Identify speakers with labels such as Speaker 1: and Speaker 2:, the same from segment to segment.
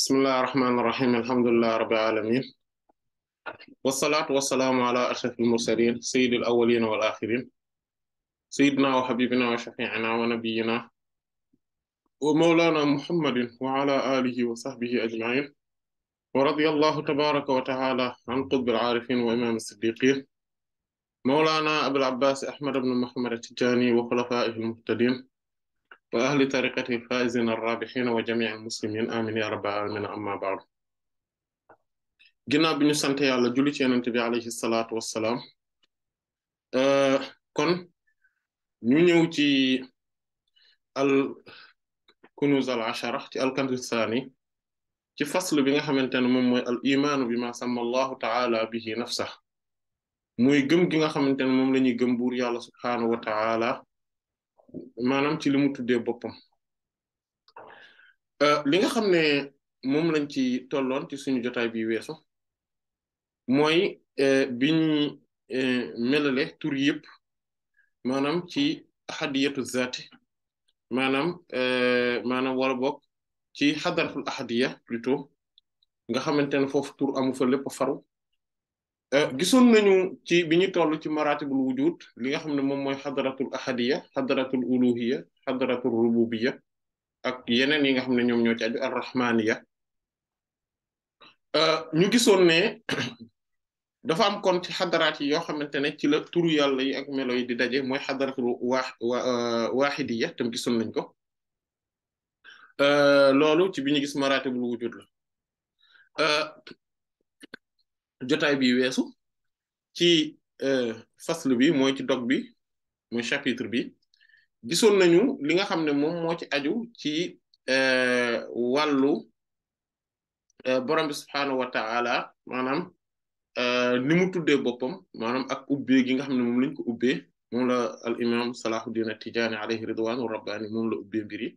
Speaker 1: بسم الله الرحمن الرحيم الحمد لله رب العالمين والصلاة والسلام على أشرف المرسلين سيد الأولين والآخرين سيدنا وحبيبنا وشفيعنا ونبينا ومولانا محمد وعلى آله وصحبه أجمعين ورضي الله تبارك وتعالى عن قطب العارفين وإمام الصديقين مولانا أبو العباس أحمد بن محمد التجاني وخلفائه المهتدين وأهل طريقته الفائزين الرابحين وجميع المسلمين آمين يا رب العالمين أما بعد ginnaaw bi ñu sant yàlla julli ci yonent bi alayhi salaatu wassalaam kon ñu ñëw ci al kunuz al ashara ci al kanz saani ci faslu bi nga xamante ne moom mooy al imaanu bi ma sàmm allahu taala bihi nafsa muy gëm gi nga xamante ne moom la ñuy gëm buur yàlla subhaanahu wa taala maanaam ci li mu tuddee boppam euh, li nga xam ne moom lañ ci tolloon ci suñu jotaay bi weesu mooy euh, bi ñu euh, melale tur yëpp maanaam ci ahadiyatu zaati maanaam maanaam wala bokk ci xadaratul ahadiya plutôt nga xamante ne foofu tur amu fa lépp faru Euh, gisoon nañu ci bi ñu toll ci maratibul wujud li nga xam ne moom mooy xadaratul ahadiya xadaratul uluhiya xadaratul rububiya ak yeneen yi nga xam ne ñoom ñoo ci aju arrahmaniya euh, ñu gisoon ne dafa am kon ci xadaraat yi yoo xamante ne ci la turu yàlla yi ak melo yi di daje mooy xadaratul waa euh, waaxidiya tam gisoon nañ ko loolu ci bi ñu gis maratibul wujud la jotaay bi weesu ci euh, fasl bi mooy ci dog bi mooy chapitre bi gisoon nañu li nga xam ne moom moo ci aju ci euh, wàllu euh, borom bi subhaanahu wa ta'ala maanaam ni mu tuddee boppam maanaam ak ubbee gi nga xam ne moom lañ ko ubbee moom la al imam Salahuddin Tijaani alayhi ridwaanu rabbaani moom la ubbee mbir yi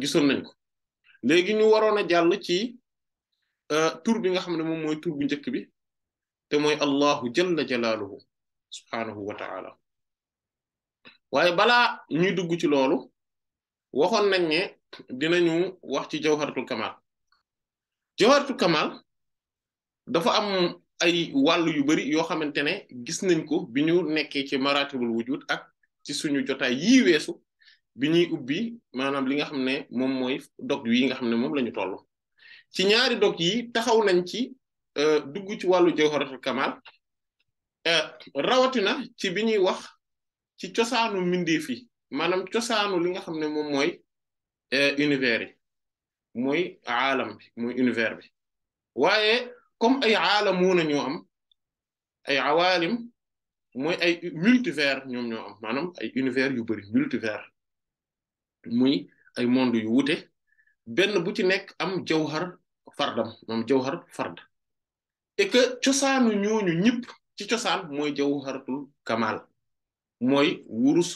Speaker 1: gisoon nañ ko léegi ñu ci Euh, tur bi nga xam ne moom mooy tur bu njëkk bi te mooy allahu jalla jalaaluhu subhaanahu wa ta'ala waaye bala ñuy dugg ci loolu waxoon nañ ne dinañu wax ci jawharatul kamal jawharatul kamal dafa am ay wàll yu bari yoo xamante ne gis nañ ko bi ñu nekkee ci maratibul wujud ak ci suñu jotaay yi weesu bi ñuy ubbi maanaam li nga xam ne moom mooy dog yi nga xam ne moom la ñu toll ci ñaari dog yi taxaw nañ ci euh, dugg ci wàllu jawharatul kamal euh, rawatina ci bi ñuy wax ci cosaanu mbindeef yi maanaam cosaanu li nga xam ne moom mooy euh, univers yi mooy aalam bi mooy univers bi waaye comme ay aalamuuna ñoo am ay awaalim mooy ay multivers ñoom ñoo am maanaam ay univers yu bari multivers muy ay monde yu wute benn bu ci nekk am jawhar fardam moom jawhar fard et que cosaanu ñooñu ñëpp ci cosaan mooy jawharatul kamal mooy wurus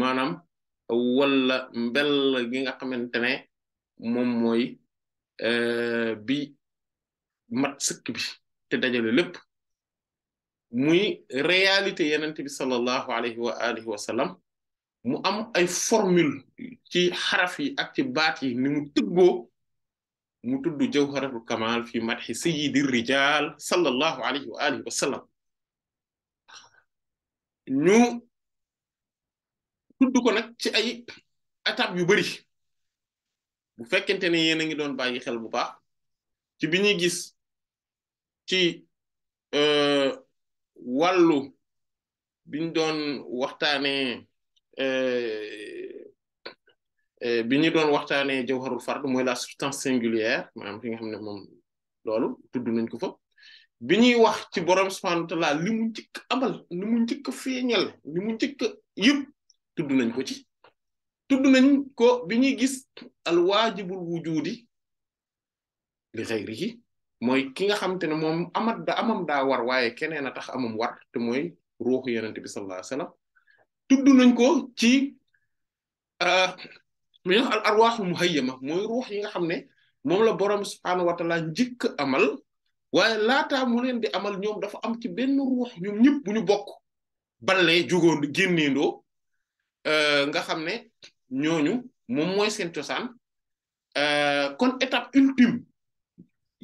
Speaker 1: maanaam wala mbell gi nga xamantene ne moom mooy euh, bi mat sëkk bi te dajale lépp muy réalité yenente bi sallallahu alayhi wa alihi wa sallam mu am ay formule ci xaraf yi ak ci baat ni mu tëggoo mu tudd jawharatul kamal fi madhi sayyidi rijal sallallahu alayhi wa alihi wa sallam ñu tudd ko nag ci ay étapes yu bari bu fekkente ne yéen a ngi doon bàyyi xel bu baax ci bi ñuy gis ci euh, wàllu biñ doon waxtaanee euh, Eh, bi ñu doon waxtaanee jawharul fard mooy la substance singulière maanaam fi nga xam ne moom loolu tudd nañ ko fa bi ñuy wax ci borom subhanahu wa ta'ala li mu njëkk amal li mu njëkk feeñal li mu njëkk yëpp tudd nañ ko ci tudd nañ ko bi ñuy gis al wajibul wujudi li ghayrihi mooy ki nga xamante ne moom amat da amam daa war waaye keneen a tax amam war te mooy ruuxu yonent bi sallallahu alayhi wasallam tudd nañ ko ci euh, mais al arwaaxul mooy ruux yi nga xam ne moom la borom subhaanahu wa taala njëkk amal waaye laataa mu leen di amal ñoom dafa am ci benn ruux ñoom ñëpp bu ñu bokk ballee jugoon génneendoo euh, nga xam ne ñooñu moom mooy seen cosaan euh, kon étape ultime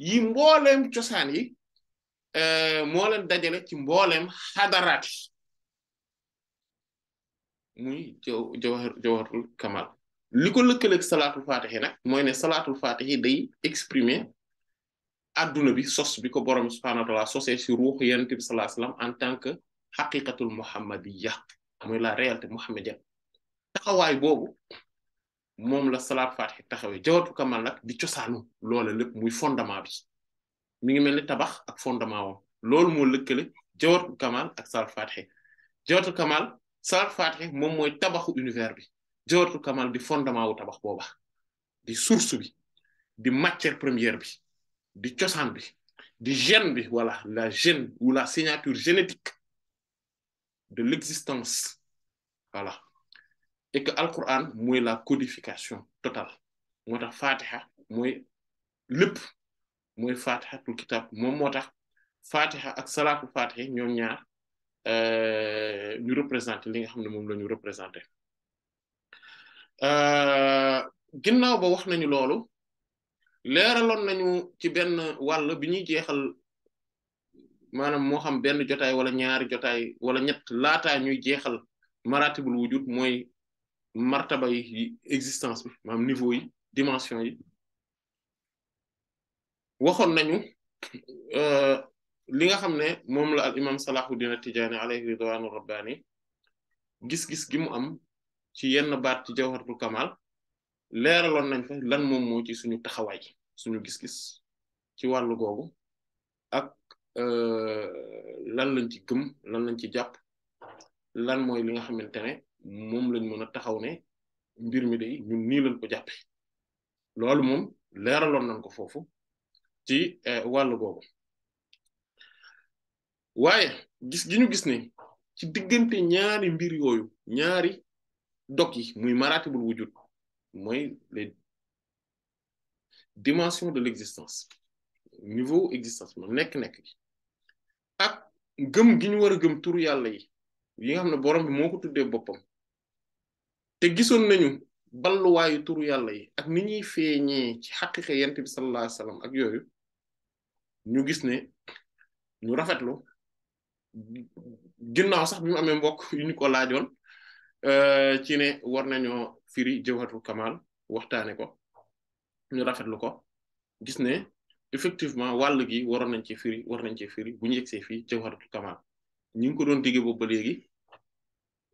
Speaker 1: yi mbooleem cosaan yi euh, moo leen dajale ci mbooleem xadaraat yi muy jaw jawharul li ko lëkkaleeg salaatul faatixi nag mooy ne salaatul faatixi day exprimer adduna bi sos bi ko borom subhaanahu wa taala sosee si ruuxu yonent bi sallallahu alayhi wa en tant que xaqiqatul muhammadiyya mooy la réalité muhammadiyya taxawaay boobu moom la salaat faatixi taxawee jawatu kamal nag di cosaanu loola lépp muy fondement bi mi ngi mel ni tabax ak fondement woom loolu moo lëkkale jawatu kamal ak salaat faatixi jawatu kamal salaat faatixi moom mooy tabaxu univers bi jawharatul kamal di fondement wu tabax booba di source bi di matière première bi di cosaan bi di gène bi voilà la gène ou la signature génétique de l'existence voilà et que Alquran mooy la codification totale moo tax Fatiha mooy lépp mooy Fatihatul kitab moom moo tax Fatiha ak salaatul Fatiha ñoom ñaar euh, ñu représenté li nga xam ne moom la ñu représenté. Euh, ginnaaw ba wax nañu loolu leeraloon nañu ci benn wàll bi ñuy jeexal maanaam moo xam benn jotaay wala ñaari jotaay wala ñett laataa ñuy jeexal maratibul wujud mooy martaba yi existence bi maanaam niveau yi dimension yi waxoon nañu euh, li nga xam ne moom la al imam Salahuddin Tijaani alayhi ridwaanu rabbaani gis-gis gi mu am ci yenn baat ci jawharatul kamal leeraloon nañ fa lan moom moo ci suñu taxawaay suñu gis-gis ci wàllu googu ak euh, lan lañ ci gëm lan lañ ci jàpp lan mooy li nga xamante ne moom lañ mën a taxaw ne mbir mi de ñun nii lañ ko jàppe loolu moom leeraloon nañ ko foofu ci euh, wàllu googu waaye gis gi ñu gis ne ci diggante ñaari mbir yooyu ñaari dog yi muy maratibul wujud mooy les dimensions de l'existence niveau existence moom nekk-nekk gi ak gëm gi ñu war a gëm turu yàlla yi yi nga xam ne borom bi moo ko tuddee boppam te gisoon nañu balluwaayu turu yàlla yi ak ni ñuy feeñee ci xaqiqa yent bi sallallahu alayhi ak yooyu ñu gis ne ñu rafetlu ginnaaw sax bi mu amee mbokk yu ko laajoon Euh, ci ne war nañoo firi jawharul kamal waxtaane ko ñu rafetlu ko gis ne effectivement wàll gi waroon nañ ci firi war nañ ci firi bu ñu yegsee fii jawharul kamal ñu ngi ko doon digge boobu ba léegi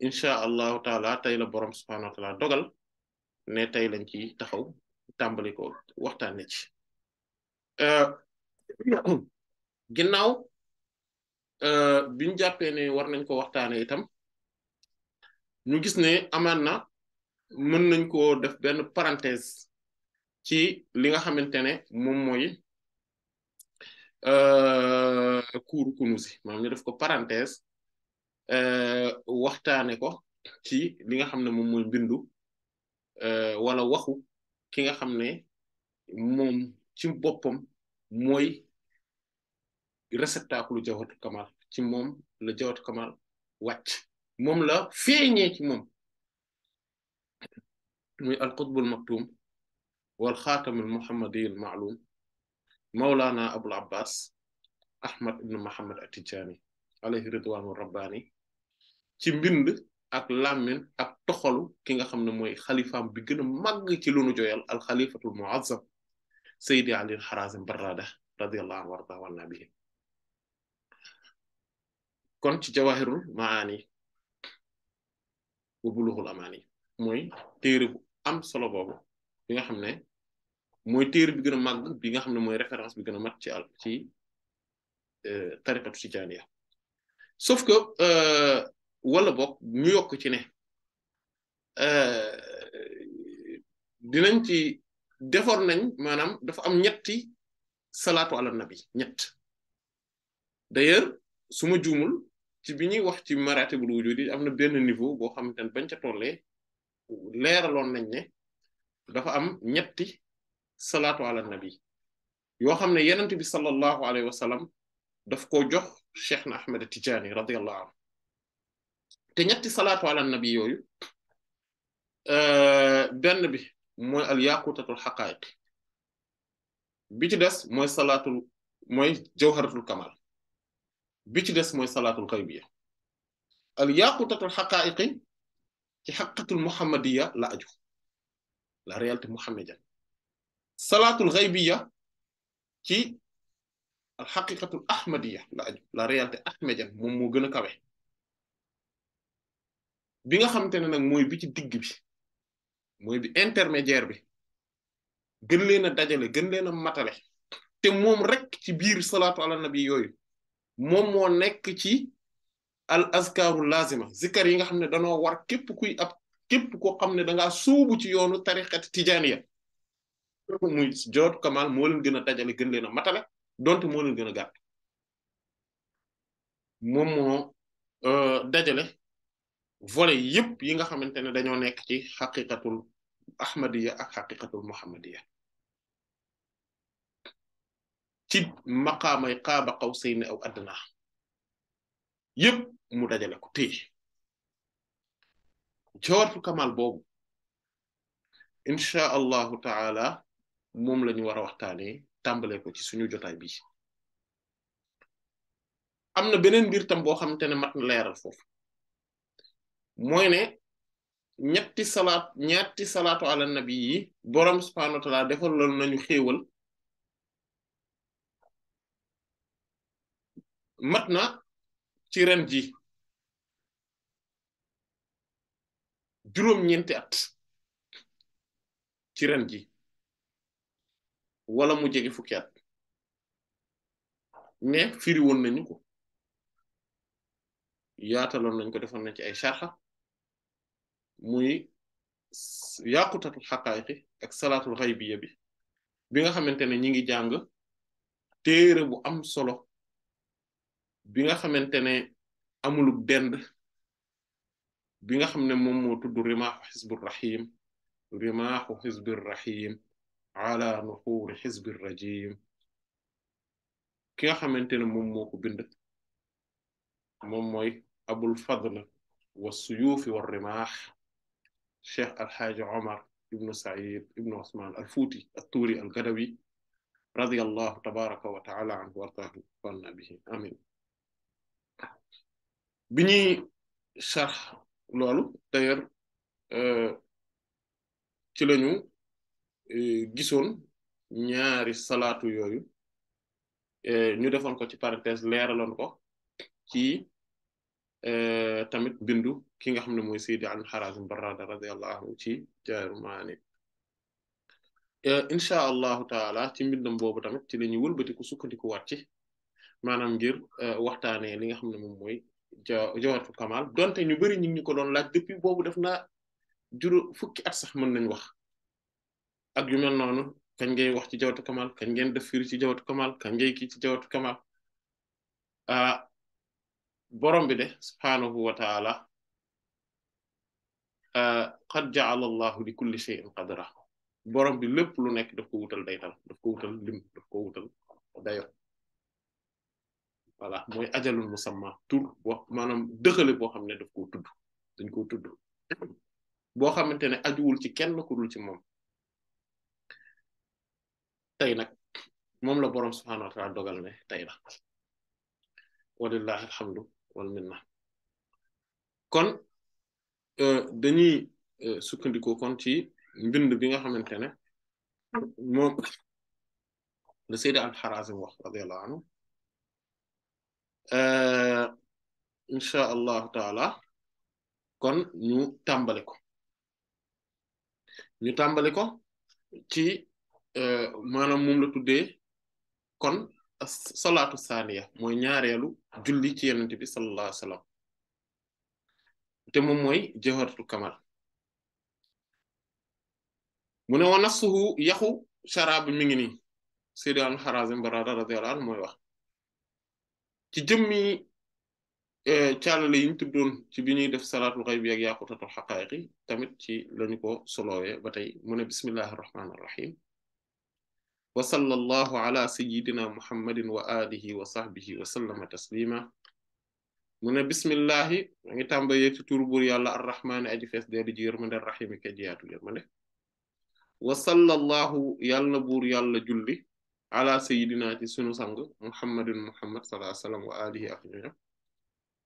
Speaker 1: incha allahu taala tey la borom subhanahu wa taala dogal ne tey lañ ci taxaw tàmbali ko waxtaane ci euh, ginnaaw euh, biñu jàppee ne war nañ ko waxtaane itam ñu gis ne amaan na mën nañ koo def benn parenthèse ci li nga xamante ne moom mooy euh, kuuru kunus yi maanaam ñu def ko parenthèse euh, waxtaane ko ci li nga xam ne moom mooy bindu euh, wala waxu ki nga xam ne moom ci boppam mooy réceptacle jawhatu kamal ci moom la jawhatu kamal wàcc moom la feeñee ci moom muy alqutbul maktum wal xaatamul muhammadiyil maalum mawlaana abul abbas ahmad ibn muhammad atijani alayhi ridwaanu rabbaani ci mbind ak làmmin ak toxalu ki nga xam ne khalifa xalifaam bi gën a ci lu joyal al xalifatul muazzam Seydi Ali Harazim barada radiyallahu anhu warda wanna kon ci jawahirul maani wa bulughul amani moy téré bu am solo bobu bi nga xamné ne téré bi gëna mag bi nga xamné ne référence bi gëna a mat ci al ci euh, tariqa tijaniya sauf que euh, wala bok ñu yok ci euh dinañ ci défor nañ manam dafa am ñetti salatu ala nabi ñet d'ailleurs suma jumul ci ñuy wax ci maratibul wujud yi am na benn niveau boo xamante ne bañ ca tollee leeraloon nañ ne dafa am ñetti salaatu ala nabi yoo xam ne yenent bi sallallahu alayhi wa sallam daf koo jox cheikh na Ahmed Tijaani radiyallahu anhu te ñetti salaatu ala nabi yooyu euh, benn bi mooy al yaqutatul xaqaayiq bi ci des mooy salaatul mooy jawharatul kamal بيتي ديس موي صلاه الغيبيه الياقوتة الحقائق تي حقة المحمدية لا أجو لا ريالة محمدية صلاة الغيبية تي الحقيقة الأحمدية لا أجو لا ريالة أحمدية مومو جنة كابه بيغا خمتين أنك موي بي تي ديگ بي موي بي انترميجير بي جن لينا داجل جن تي موم رك تي بير صلاة على النبي يوي moom moo nekk ci al azkaaru lazima zikar yi nga xam ne danoo war képp kuy ab képp koo xam ne dangaa suubu ci yoonu tariqat tijaaniya muy joot kamal moo leen gën a dajale gën leen a matale donte moo leen gën a gàtt moom euh, dajale volet yëpp yi nga xamante ne dañoo nekk ci xaqiqatul ahmadiya ak xaqiqatul muhammadiya ci maqaamay qaaba qawsayni aw adnaa yëpp mu dajale ko téye jawhartu kamal boobu incha allahu taala moom la ñu war a waxtaanee tàmbale ko ci suñu jotaay bi am na beneen mbir tam boo xamante ne mat na leeral foofu mooy ne ñetti salaat ñetti salaatu ala nabi yi borom subhaanahu wa taala defal loolu nañu xéewal mat na ci ren ji juróom-ñeenti at ci ren ji wala mu jege fukki at mais firi woon nañu ko yaataloon nañ ko defoon na ci ay sharxa muy yaqutatul xaqaayiqi ak salaatul xaybiya bi bi nga xamante ne ñi ngi jàng téere bu am solo bi nga xamantene amul amulub dend bi nga xamne mom mo tuddu tudd hizbur rahim rimaaxu hizbur rahim ala nuhur hizbur rajim ki nga xamantene mom moko bind mom moy abul fadl wa suyuufi wa rimaax cheikh alxaaji omar ibnu said ibnu osman al fuuti al tuuri al gadawi radi allahu tabaraka wa taala anhu wartahu wanna bihi bi ñuy sax loolu d'ailleurs euh, ci lañu euh, gisoon ñaari salaatu yooyu euh, ñu defoon ko ci parenthèse leeraloon ko ci tamit bindu ki nga xam ne mooy Seydi Ali Harazim Barrada radiyallahu anhu ci Jaarumaani incha allahu taala ci mbindam boobu tamit ci la ñuy wëlbatiku sukkandiku waat ci maanaam ngir waxtaanee li nga xam ne moom mooy Jawharatul Kamal donte ñu bari ñu ngi ko doon laaj depuis boobu def na juró fukki at sax mën nañ wax ak yu mel noonu kañ ngay wax ci Jawharatul Kamal kañ ngeen def firi ci jawat Kamal kañ kii ci Jawharatul Kamal ah borom bi de subhaanahu wa taala ah, qad ja'ala Allahu li kulli shay'in qadra borom bi lépp lu nekk daf ko wutal daytal daf ko wutal lim daf ko wutal dayo voilà mooy ajalul musamma tur boo maanaam dëxale boo xam ne daf koo tudd dañ koo tudd boo xamante ne ajuwul ci kenn ku dul ci moom tey nag moom la boroom subhaanahu wa taala dogal la walillahi alhamdu wal minna kon euh, dañuy euh, sukkandiku kon ci mbind bi nga xamante ne moom la Seydi Al Harazim wax radiyallahu anhu incha allahu taala kon ñu tàmbali ko ñu tàmbali ko ci e, maanaam moom la tuddee kon salaatu saaniya mooy ñaareelu julli ci yenente bi sallallahu alayhi wa sallam te moom mooy jawharatul kamal mu ne wa nafsuhu yaxu sharaab mi ngi nii Seydi al Harazim Barada radiyallahu anhu ci jëmmi eh, caalale yi ñu ci bi ñuy def salaatul xayb bi ak yaaqutatul xaqaayiq yi tamit ci lañu ko solowee ba tey mu ne bismillahi a irrahim wa sallallahu ala sayidina muhammadin wa alihi wa sahbihi wa sallama taslima mu bismillahi ma ngi tàmbalee ci tur buur yàlla arrahmaani aji fees deedi ji yërmande rahim i ka jiyaatu yërmande wa sallallahu yàlla buur yàlla julli على سيدنا سنو سانغ محمد محمد صلى الله عليه وسلم وآله أجمعين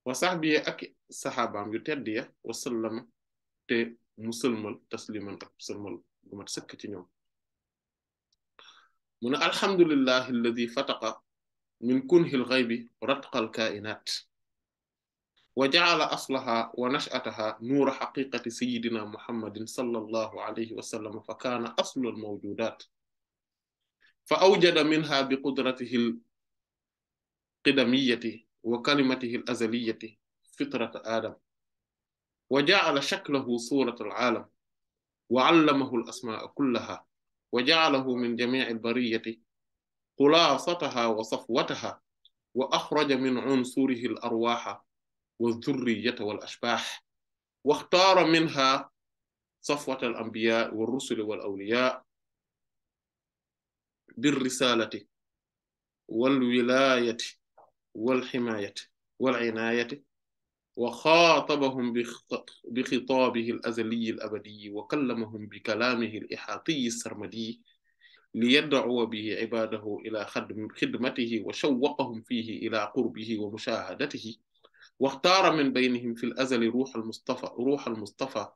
Speaker 1: وصحبه أك صحابة يتدى وسلم ت مسلم تسليما مسلم بما تسكتين يوم من الحمد لله الذي فتق من كنه الغيب رتق الكائنات وجعل أصلها ونشأتها نور حقيقة سيدنا محمد صلى الله عليه وسلم فكان أصل الموجودات فأوجد منها بقدرته القدمية وكلمته الأزلية فطرة آدم وجعل شكله صورة العالم وعلمه الأسماء كلها وجعله من جميع البرية خلاصتها وصفوتها وأخرج من عنصره الأرواح والذرية والأشباح واختار منها صفوة الأنبياء والرسل والأولياء بالرسالة والولاية والحماية والعناية وخاطبهم بخطابه الأزلي الأبدي وكلمهم بكلامه الإحاطي السرمدي ليدعو به عباده إلى خدمته وشوقهم فيه إلى قربه ومشاهدته واختار من بينهم في الأزل روح المصطفى روح المصطفى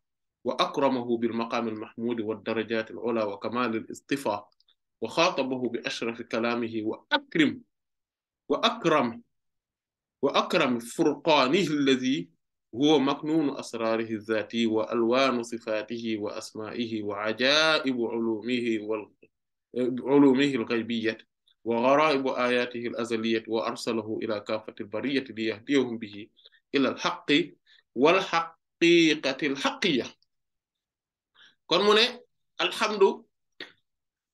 Speaker 1: وأكرمه بالمقام المحمود والدرجات العلى وكمال الاصطفاء وخاطبه بأشرف كلامه وأكرم وأكرم وأكرم فرقانه الذي هو مكنون أسراره الذاتي وألوان صفاته وأسمائه وعجائب علومه وعلومه الغيبية وغرائب آياته الأزلية وأرسله إلى كافة البرية ليهديهم به إلى الحق والحقيقة الحقية كون الحمد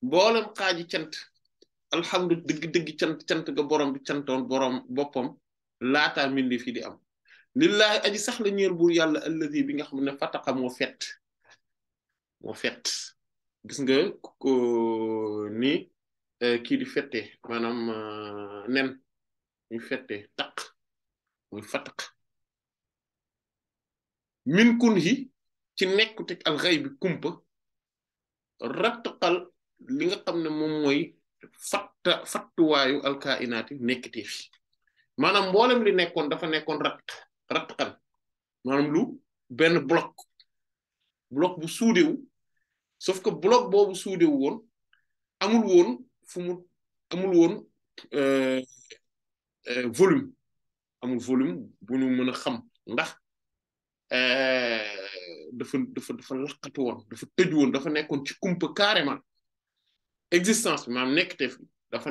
Speaker 1: mboolem xaaji cant alhamdu dëgg dëgg cant cant ga borom bi cantoon borom boppam laataa mindi fi di am lillahi aji sax la ñeel buur yàlla bi nga xam ne fataqa moo fett moo fett gis nga ko ni eh, kii di fette maanaam eh, nen ñu fete taq muy fataq min kun hi ci nekkuteg al xay bi kumpa rattaqal li nga xam ne moom mooy fatta fattuwaayu alkainaati nekkatee fi maanaam mboolem li nekkoon dafa nekkoon rat ratxan maanaam lu benn bloc bloc bu suudewu sauf que bloc boobu suudewu woon amul woon fu mu amul woon euh, euh, volume amul volume bu ñu mën a xam ndax euh, dafa dafa dafa laqatu woon dafa tëj woon dafa nekkoon ci kumpa carrément existence ma'am nekkte fi dafa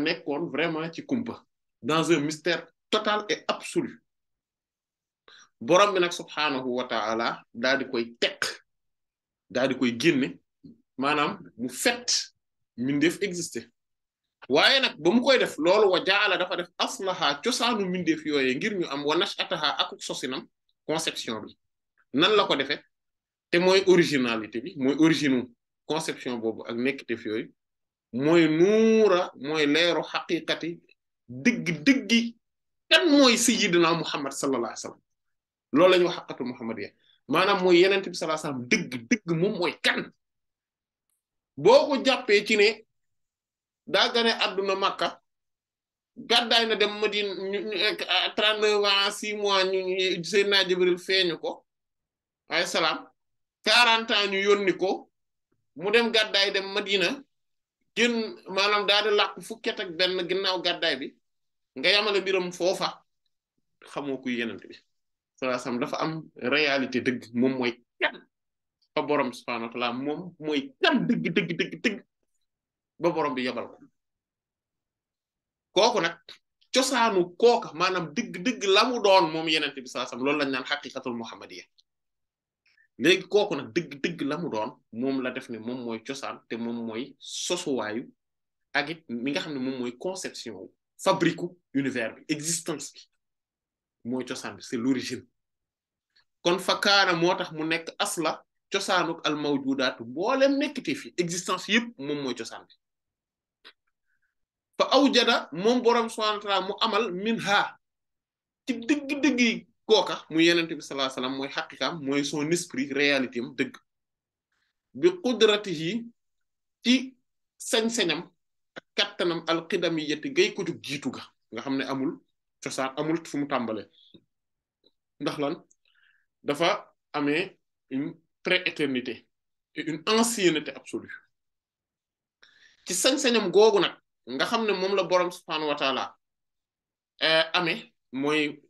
Speaker 1: vraiment kumpa dans un mystère total et absolu borom bi nag vous wa taala daal di koy tekk daal di koy génne maanaam mu fet mindeef exister waaye nag ba mu koy def loolu wa dafa def aslaha cosaanu mindeef yooyee ngir ñu am wa nashataha akuk conception bi nan la ko fait, te mooy originalité bi mooy origine conception boobu ak mooy nuura mooy leeru xaqiqati dëgg-dëggi kan mooy sayyidina Muhammad sallallahu alayhi wa sallam loolu la ñuy wax xaqatu muhammadiyya mooy yeneen bi sallallahu alayhi wa sallam dëgg dëgg moom mooy kan boo ko jàppee ci ne daa gane àdduna Makka gàddaay na dem Madina eh, trente neuf ans six mois ñu Seydina Jibril feeñu ko ay salaam quarante ans ñu yónni ko mu dem gàddaay dem Madina jin manam daal di làkk fukki at ak benn ginnaaw gàddaay bi nga yamale mbiram fofa xamoko kuy bi sallallahu dafa am realité deug mom moy kan ba borom subhanahu wa ta'ala mom moy kan deug deug deug deug ba borom bi yabal ko koku nak ciosanu koka manam deug deug lamu doon mom yenent bi sallallahu lañ nane haqiqatul muhammadiyya léegi kooku nag dëgg-dëgg lamu mu doon moom la def ne moom mooy cosaan te moom mooy sosuwaayu ak it mi nga xam ne moom mooy conception wu fabrique univers bi existence bi mooy cosaan bi c'est l'origine kon fa fakkaana moo tax mu nekk asla cosaanuk al mawjudaatu mboolem nekkite fi existence yëpp moom mooy cosaan bi fa awjada moom boroom subhaanahu wa ta'aala mu amal minha ci dëgg-dëgg kooka mu yenente bi sallallahu mooy xaqiqaam mooy son esprit réalité am dëgg bi qudratihi ci sañ-sañam ak kattanam alqidamiyati gay ko jug jiitu ga nga xam ne amul cosaan amul fu mu tàmbale ndax lan dafa amee une prééternité et une ancienneté absolue ci sañ-sañam googu nag nga xam ne moom la boroom subhaanahu wa taala eh, amee mooy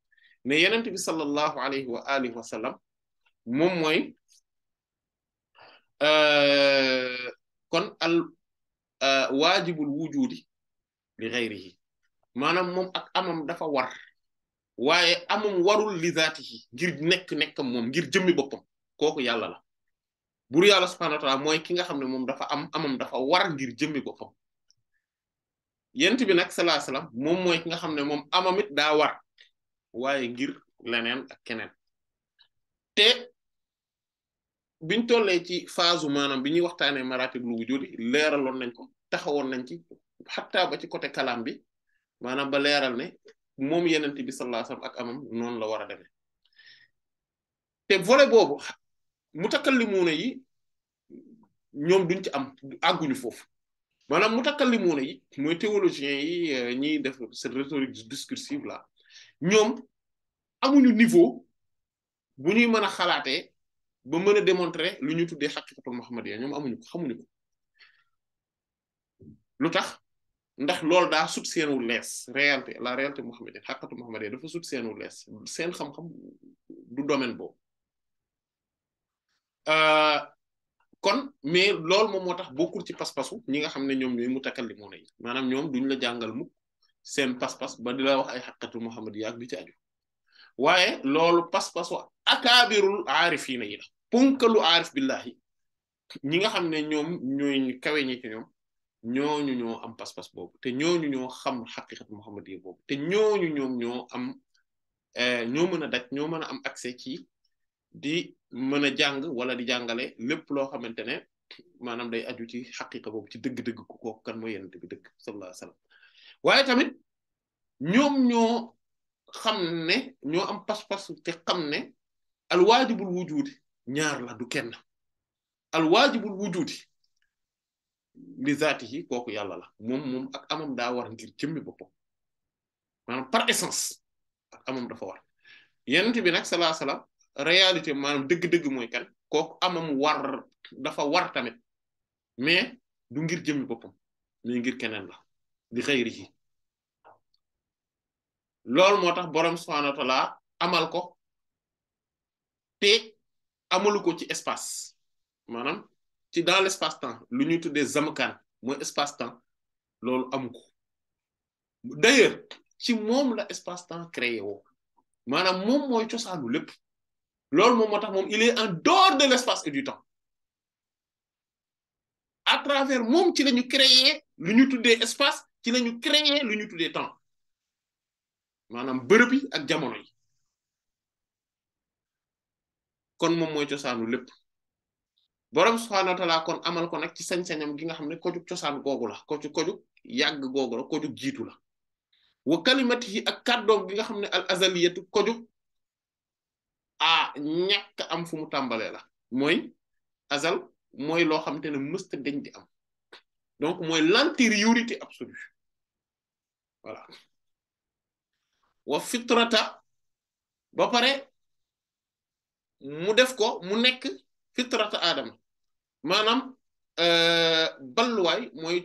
Speaker 1: ne yenent bi sallallahu alayhi wa alihi wa sallam moy euh kon al wajibul wujudi li ghayrihi manam mom ak amam dafa war waye amam warul li zatihi ngir nek nek mom ngir jëmmi bopam koku yàlla la bur yàlla subhanahu wa ta'ala moy ki nga xamne mom dafa am amam dafa war ngir jëmmi boppam yent bi nak sallallahu alayhi wa sallam mom moy ki nga xamne mom amamit da war waaye ngir leneen ak keneen te biñ tolle ci phase maanaam bi ñuy waxtaanee maratib lu wujudi leeraloon nañ ko taxawoon nañ ci xataa ba ci côté kalam bi maanaam ba leeral ne moom yenent bi sallallahu ak amam noonu la war a demee te volet boobu mutakallimuuna yi ñoom duñ ci am àgguñu foofu maanaam mutakallimuuna yi mooy théologiens yi euh, ñiy def cette rhétorique discursive là ñom amuñu niveau buñuy mëna xalaté ba mëna démontrer luñu tuddé tuddee xaqiqatul muhammadiyya ñom amuñu ko xamuñu ko lutax ndax lool da sut seenu les réalité la réalité muhammadiyya xaqiqatul muhammadiyya dafa sut seenu les sen xam-xam du domaine euh kon mais lool mo motax bokul ci pass pasu ñi nga xamné ñom ñoom ñooy mutakallimoon yi maanaam duñ la jangal mukk seen pas-pas ba di la wax ay xaqatu Muhammad yaak bi ci aju waaye loolu pas-pasu akaabirul aarifiina yi la punkalu aarif billahi ñi nga xam ne ñoom ñooy kawe ñi ñoom ñooñu ñoo am pas-pas boobu te ñooñu ñoo xam xaqiqat Muhammad yi boobu te ñooñu ñoom ñoo am eh, ñoo mën a daj ñoo mën a am accès ci di mën a jàng wala di jàngale lépp loo xamante ne maanaam day aju ci xaqiqa boobu ci dëgg-dëgg ko kooku kan mooy yenente bi dëgg sallallahu alayhi waye tamit ñom ñoo xamne ne ñoo am pass pass te xamne al wajibul wujudi ñaar la du kenn wajibul wujudi li zaatihi koku yalla la mom mom ak amam da war ngir jëmmi bopam manam par essence ak amam dafa war yent bi nak sala salaam réalité manam deug deug moy kan koku amam war dafa war tamit mais du ngir jëmmi bopam mais ngir kenen la di borom wa taala amal ko espace dans l'espace temps l'unité des espace temps d'ailleurs ci mon la espace temps créé il est en dehors de l'espace et du temps à travers mon ci lañu créer lu espace ci lañu créer lu ñu tuddee temps maanaam bërëb yi ak jamono yi kon moom mooy cosaanu lépp borom subhaanahu wa kon amal ko nag ci sañ-sañam gi nga xam ne kojug cosaan googu la kojug kojug yàgg googu la kojug jiitu la wa kalimatihi ak kàddoom gi nga xam ne al azaliyatu kojug a ñàkk am fu mu tàmbalee la mooy azal mooy loo xam te ne mësta deñ di am donc mooy l'antériorité absolue voilà wa fitrata ba pare mu def ko mu nekk fitrata aadama maanaam euh, balluwaay mooy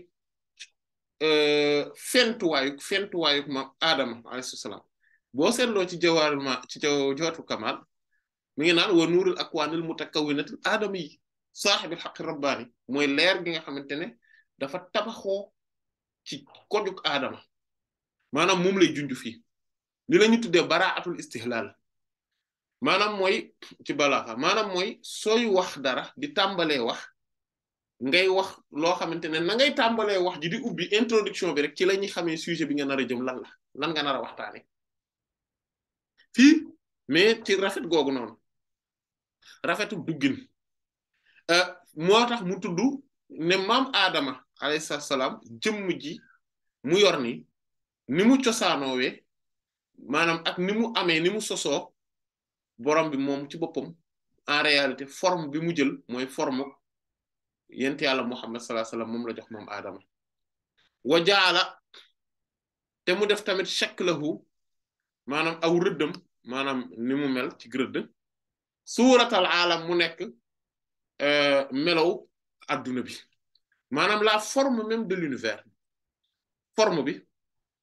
Speaker 1: euh, fentuwaayu fentuwaayu ma aadama alayhi salaam boo seetloo ci jawaarul ma ci jawaatul kamal mi ngi naan wa nuurul akwaanil mutakawwinatil aadama yi saaxibil xaqi rabbaani mooy leer gi nga xamante ne dafa tabaxo ci koduk adam manam mom lay junj fi. ni lañu tuddé baraatul istihlal manam moy ci balaxa manam moy soy wax dara di tambalé wax ngay wax lo xamantene na ngay tambalé wax ji di ubbi introduction bi rek ci lañu xamé sujet bi nga nara jëm lan la lan nga nara a fi mais ci rafet gogou non rafetu duggin euh motax mu tudd ne mam Adama alayhi salaam jëmm ji mu yor ni ni mu cosaanoowee maanaam ak ni mu amee ni mu sosoo borom bi moom ci boppam en réalité bi mu jël mooy forme yent yàlla Muhammad sallallahu alayhi wasallam moom la jox moom Adama wa jaala te mu def tamit shaklahu maanaam aw rëddëm maanaam ni mu mel ci rëdd suuratal alam mu nekk euh, melow adduna bi Madame, la forme même de l'univers forme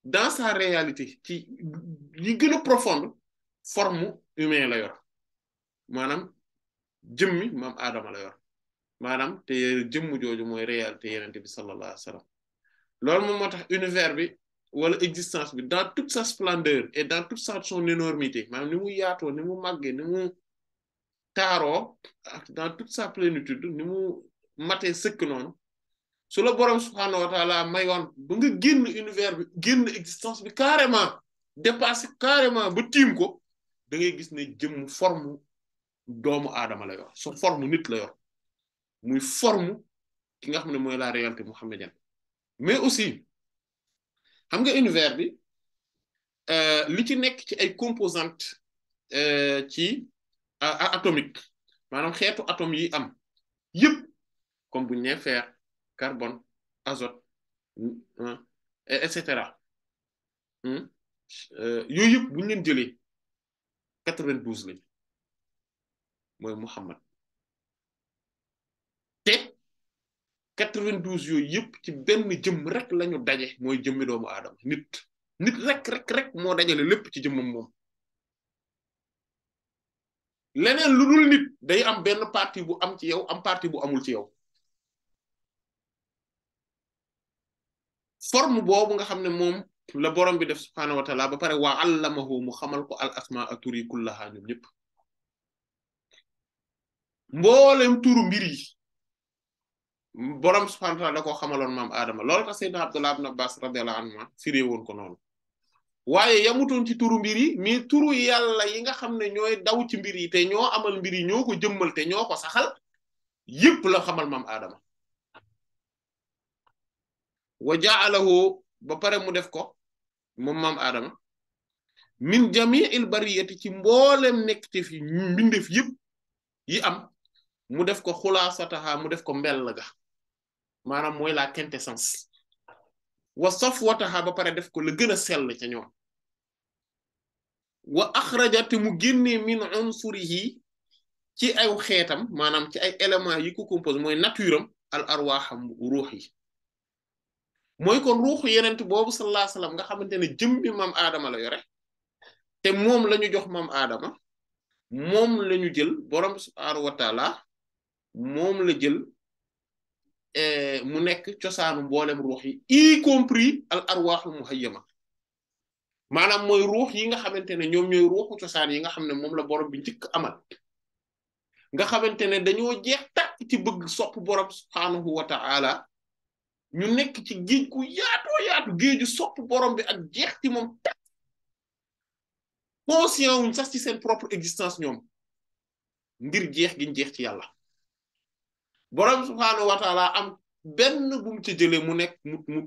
Speaker 1: dans sa réalité qui ni profonde forme humaine la yor Adam. Madame, adam la yor manam te jëmm joju moy réalité bi alayhi wasallam loolu dans toute sa splendeur et dans toute sa son énormité manam ni mu ni mu dans ni mu dans toute sa plénitude ni mu maté su la borom subhanahu wa taala mayoon ba nga univers bi existence bi carrément dépassé carrément ba tim ko da ngay forme doomu adama la forme nit la yor muy forme ki nga la réalité mais aussi xam nga univers bi euh, composantes euh, ci atomique manam atome yi comme bu carbone azote hmm. et cetera hmm. euh, yooyu yëpp bu ñu leen jëlee quatre lañ mooy Muhammad te quatre vingt douze yooyu yëpp ci benn jëm rek lañu daje mooy jëmmi doomu aadama nit nit rek rek rek moo dajale lépp ci jëmmam moom leneen lu dul nit day am benn parti bu am ci yow am parti bu amul ci yow forme boobu nga xam ne moom la borom bi def subhaanahu wa taala ba pare waa allamahu mu xamal ko al asmaa ak tur yi kullahaa ñoom ñëpp mboolem turu mbir yi borom subhaanahu wa taala da koo xamaloon maam Adama loolu tax Seydina Abdullah ibn Abbas radiyallahu anhuma firee woon ko noonu waaye yamutoon ci tuuru mbir yi mais turu yàlla yi nga xam ne ñooy daw ci mbir yi te ñoo amal mbir yi ñoo ko jëmmal te ñoo ko saxal yëpp la xamal maam Adama. wa ja'alahu ba pare mu def ko moom mam Adama min jami'il bariyati ci mboolem nekkteef yi mbindeef yëpp yi am mu def ko xulaasataha mu def ko mbell ga maanaam mooy la quintessence wa taxa ba pare def ko la gën a sell ca ñoom wa axraja te mu génnee min unsurihi ci ay xeetam maanaam ci ay éléments yi ko compose mooy naturam am al arwaaxam ruux yi mooy kon ruuxu yenent boobu sallallahu alayhi wasallam nga xamante ne jëm bi maam aadama la yore te moom la ñu jox maam aadama moom la ñu jël borom subhaanahu wa taala moom la jël eh, mu nekk cosaanu mboolem ruux yi y compris al arwaaxul muhayyama maanaam mooy ruux yi nga xamante ne ñoom ñooy ruuxu cosaan yi nga xam ne moom la borom bi njëkk amal nga xamante ne dañoo jeex tàkk ci bëgg sopp borom subhaanahu wa taala ñu nekk ci géej gu yaatoo yaatu géeju sopp borom bi ak jeex ci moom tàkk conscient wuñ sax ci seen propre existence ñoom ngir jeex giñ jeex ci yàlla borom subhaanahu wa am benn bu ci jëlee mu nekk mu mu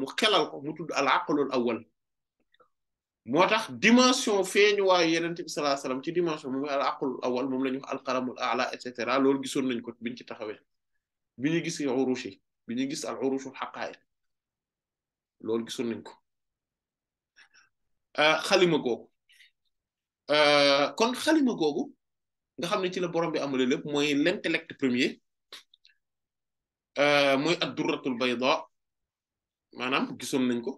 Speaker 1: mu xelal mu tudd al aqlul awwal moo tax dimension feeñu waayu yeneen bi sallallahu alayhi ci dimension moom al aqlul awwal moom la ñu wax al qaramul a'la et cetera loolu gisoon nañ ko biñ ci taxawee bi ñu gis urush yi bi ñuy gis al urushul xaqaa'iq loolu gisoon nañ ko xalima googu kon xalima googu nga xam ne ci la borom bi le lépp mooy l'intellect premier euh, mooy ad-durratul bayda maanaam gisoon nañ ko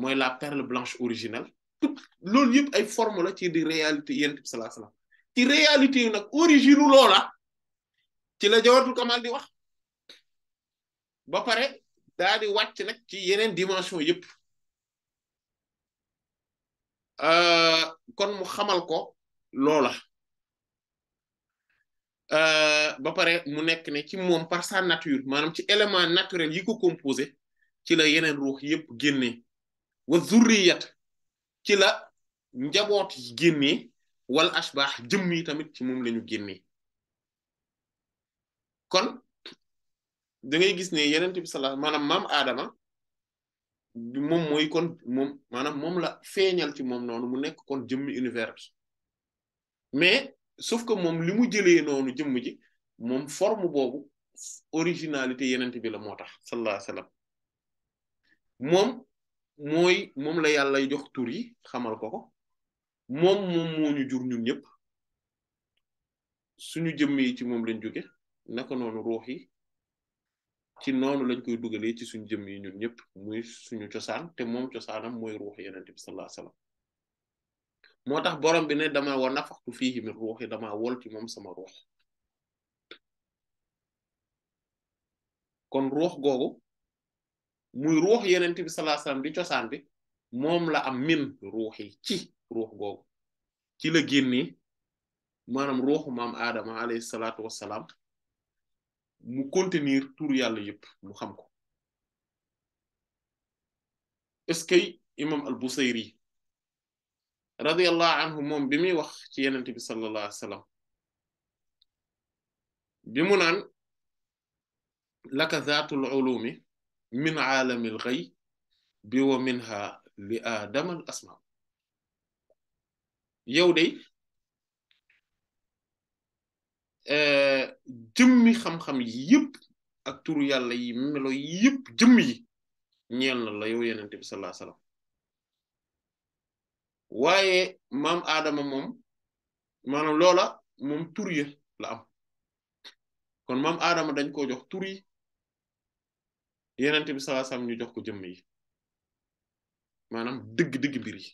Speaker 1: mooy la perle blanche originelle tout loolu yëpp ay forme la ci di réalité yent bi sallallahu alayhi wasallam réalité yi nag origine loola ci la jawatul kamal di wax ba pare daa di wàcc nag ci yeneen dimension yëpp euh, kon mu xamal ko loola euh, ba pare mu nekk ne ci moom par sa nature maanaam ci élément naturel yi ko composé ci la yeneen ruux yëpp génnee wa zurriyat ci la njaboot yi génnee wal ashbaax jëmm yi tamit ci moom lañu ñu kon dangay gis ne yeneen bi sallallahu alayhi maanaam maam Adama moom mooy kon moom maanaam moom la feeñal ci moom noonu mu nekk kon jëmmi univers mais sauf ko moom li mu jëlee noonu jëmm ji moom forme boobu originalité yeneen bi la moo tax sallallahu alayhi moom mooy moom la yàlla jox tur yi xamal koko ko moom moom moo ñu jur ñun ñëpp suñu jëmm yi ci moom lañ jóge naka noonu ruux yi. ci noonu lañ koy dugalee ci suñu jëm yi ñun ñëpp muy suñu cosaan te moom cosaanam mooy ruux yeneen bi sallallahu alayhi moo tax borom bi ne dama wa nafaxtu fiihi min ruuxi dama wol ci moom sama ruux kon ruux googu muy ruux yeneen bi sallallahu alayhi di cosaan bi moom la am min ruux yi ci ruux googu ci la génnee maanaam ruuxu maam Adama alayhi salaatu wassalaam mu contenir tour yàlla yep mu xam ko est-ce que imam al-Busayri radiyallahu anhu mom bimi wax ci yenent bi sallallahu alayhi wasallam bimu nan lakazatu al ulum min alam al ghay bi wa minha li adam al asma yow de Eh, jëmmi xam-xam yépp ak turu yàlla yi melo yépp jëmm yi ñeel na la yow yenente bi sallallahu alayhi wasallam waaye maam aadama moom maanaam loola moom tur ya la am kon maam aadama dañ ko jox tur yi yenente bi sallallahu alayhi wasallam ñu jox ko jëmm yi maanaam dëgg-dëgg mbir yi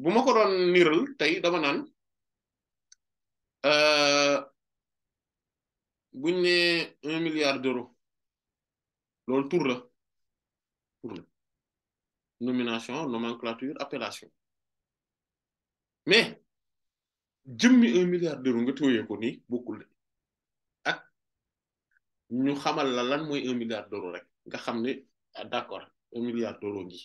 Speaker 1: bu ma ko doon niral tey dama naan Euh, buñ ne un milliard d'euros loolu tur la tur la nomination nomenclature appellation mais jëmmi un milliard d'euros nga tooyee ko nii bokkul de ak ñu xamal la lan mooy un milliard d'euros rek nga xam ne ah, d'accord un milliard d'euros gi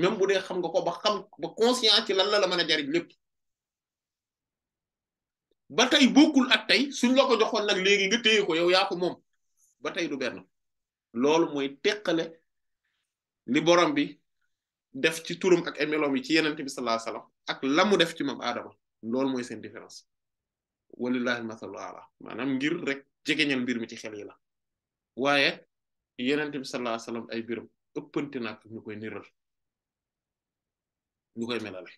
Speaker 1: même bu dee xam nga ko ba xam ba conscient ci lan la la mën a jariñ lépp ba tey bokkul ak tey suñ la ko joxoon nag léegi nga téye ko yow yaako ko moom ba tey du benn loolu mooy teqale li borom bi def ci turam ak ay meloom ci yeneen bi sallallahu alayhi wasallam ak la mu def ci moom aadama loolu mooy seen différence walillahi masalu ala maanaam ngir rek jegeñal mbir mi ci xel yi la waaye yeneen bi sallallahu ay biram ëppante na ak ñu koy niral ñu koy melale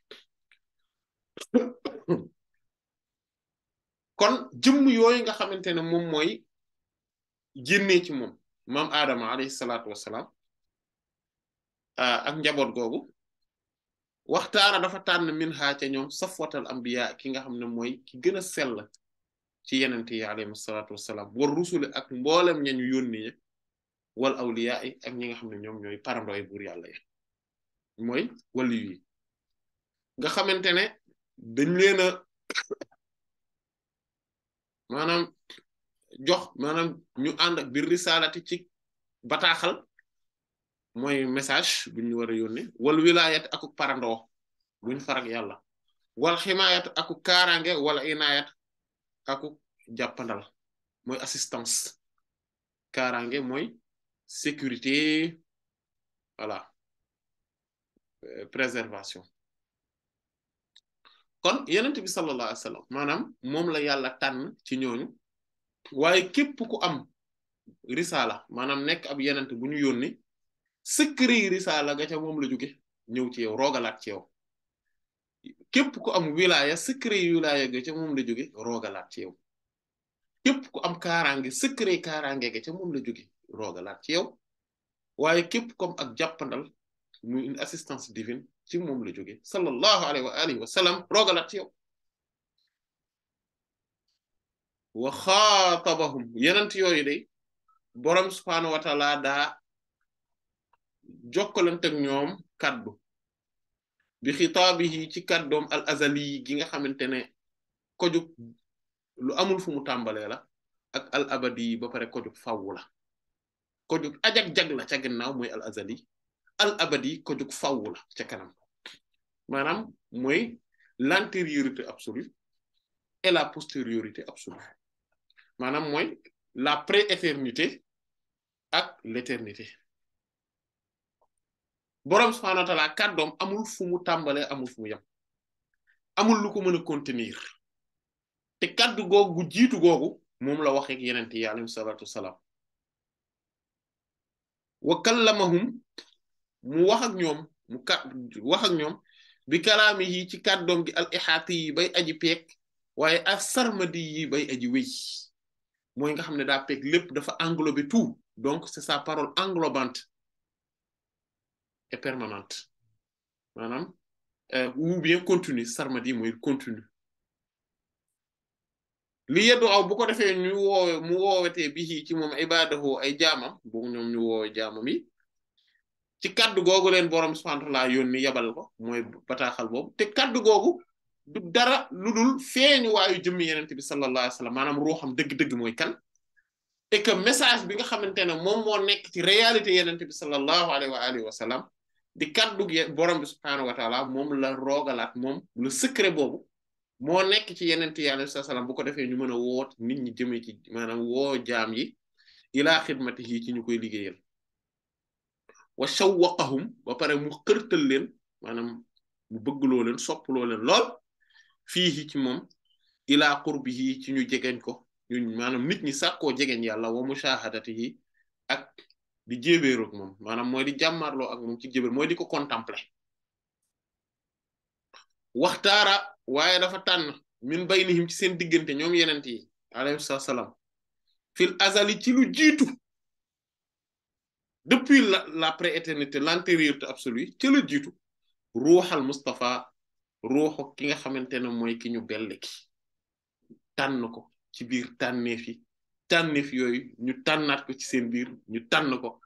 Speaker 1: kon jëmm yooyu nga xamante ne moom mooy génnee ci moom maam Adama alayhi salaatu wassalaam ah, ak njaboot googu waxtaara dafa tànn min ñoom ca ñoom safwatal ambiya ki nga xam ne mooy ki gën a sell ci yenente yi alayhim salaatu wassalaam war rusuli ak mboolem ñañu yónni ña wal awliya yi ak ñi nga xam ne ñoom ñooy parandoy buur yàlla ya mooy waliyu yi nga xamante ne dañ le a manam jox manam ñu and ak bir risalati ci bataxal moy message bu ñu wal wilayat akuk parandoo buñ farak yalla wal himayat akuk karange wal inayat akuk jappandal moy assistance karange moy sécurité voilà euh, préservation kon yenent bi sallallahu alayhi wa sallam maanaam moom la yàlla tànn ci ñooñu waaye képp ku am risaala maanaam nekk ab yenent bu ñu yónni secret risaala ga ca moom la jóge ñëw ci roogalaat ci yow képp ku am wilaya secret wilaya ga ca moom la jóge roogalaat ci yow képp ku am kaaraange secret kaaraange ga ca moom la jóge roogalaat ci yow waaye képp ku am ak jàppandal muy une assistance divine ci moom la jógee sallallahu alayhi wa alihi wa sallam roogalaat ci yow wa xaatabahum yenent yooyu day boroom subhaanahu wa taala daa jokkalante ak ñoom kaddu bi xitaabihi ci kaddoom al azali gi nga xamante ne kojug lu amul fu mu tàmbalee la ak al abadi ba pare kojug faww la kojug ajag jag la ca ginnaaw moy al azali al abadi ko jug faww la ca kanam maanaam mooy l'antériorité absolue et la postériorité absolue maanaam mooy la prééternité ak l'éternité borom subhanahu wa ta'ala kàddoom amul fu mu tàmbalee amul fu mu amul lu ko mën contenir te kàddu googu gu jiitu googu moom la waxee ak yeneen alayhi wa wa kallamahum mu wax ak ñoom mu wax ak bi ci gi al ixaati bay aji waaye bay aji nga tout donc c'est sa parole englobante et permanente euh, ou bien continue sarmadi mooy continue li aw bu ko ñu mu bi ci ay ci kaddu googu leen borom subhaanahu wa yoon yónni yabal ko mooy bataaxal boobu te kaddu googu du dara lu dul feeñu waayu jëmmi yeneen bi sallallahu alayhi wa sallam maanaam ruuxam dëgg-dëgg mooy kan et que message bi nga xamante ne moom moo nekk ci réalité yeneen bi sallallahu alayhi wa alihi wa sallam di kaddu borom bi subhaanahu wa moom la roogalaat moom lu secret boobu moo nekk ci yeneen yi alayhi salaam bu ko defee ñu mën a woot nit ñi jëmee ci maanaam woo jaam yi ilaa yi ci ñu koy liggéeyal. wa wa shawwaqahum ba pare mu xërtal leen maanaam mu bëggloo leen soppaloo leen lool fiihi ci moom ilaa qurbihi ci ñu jegeñ ko ñu maanaam nit ñi sàkkoo jegeñ yàlla wa mushahadatihi ak di jébeeroog moom maanaam mooy di jàmmarloo ak moom ci jébeer mooy di ko contempler waxtaara waaye dafa tànn min baynihim ci seen diggante ñoom yenent yi alayhi salaam fil azali ci lu jiitu depuis la prééternité l'antériorité absolue ci la Ruh al-Mustafa, ruuxu ki nga xamantene moy ki ñu belle ki tan ko ci biir tànneef yi tànneef yooyu ñu tannat ko ci seen biir ñu tànn ko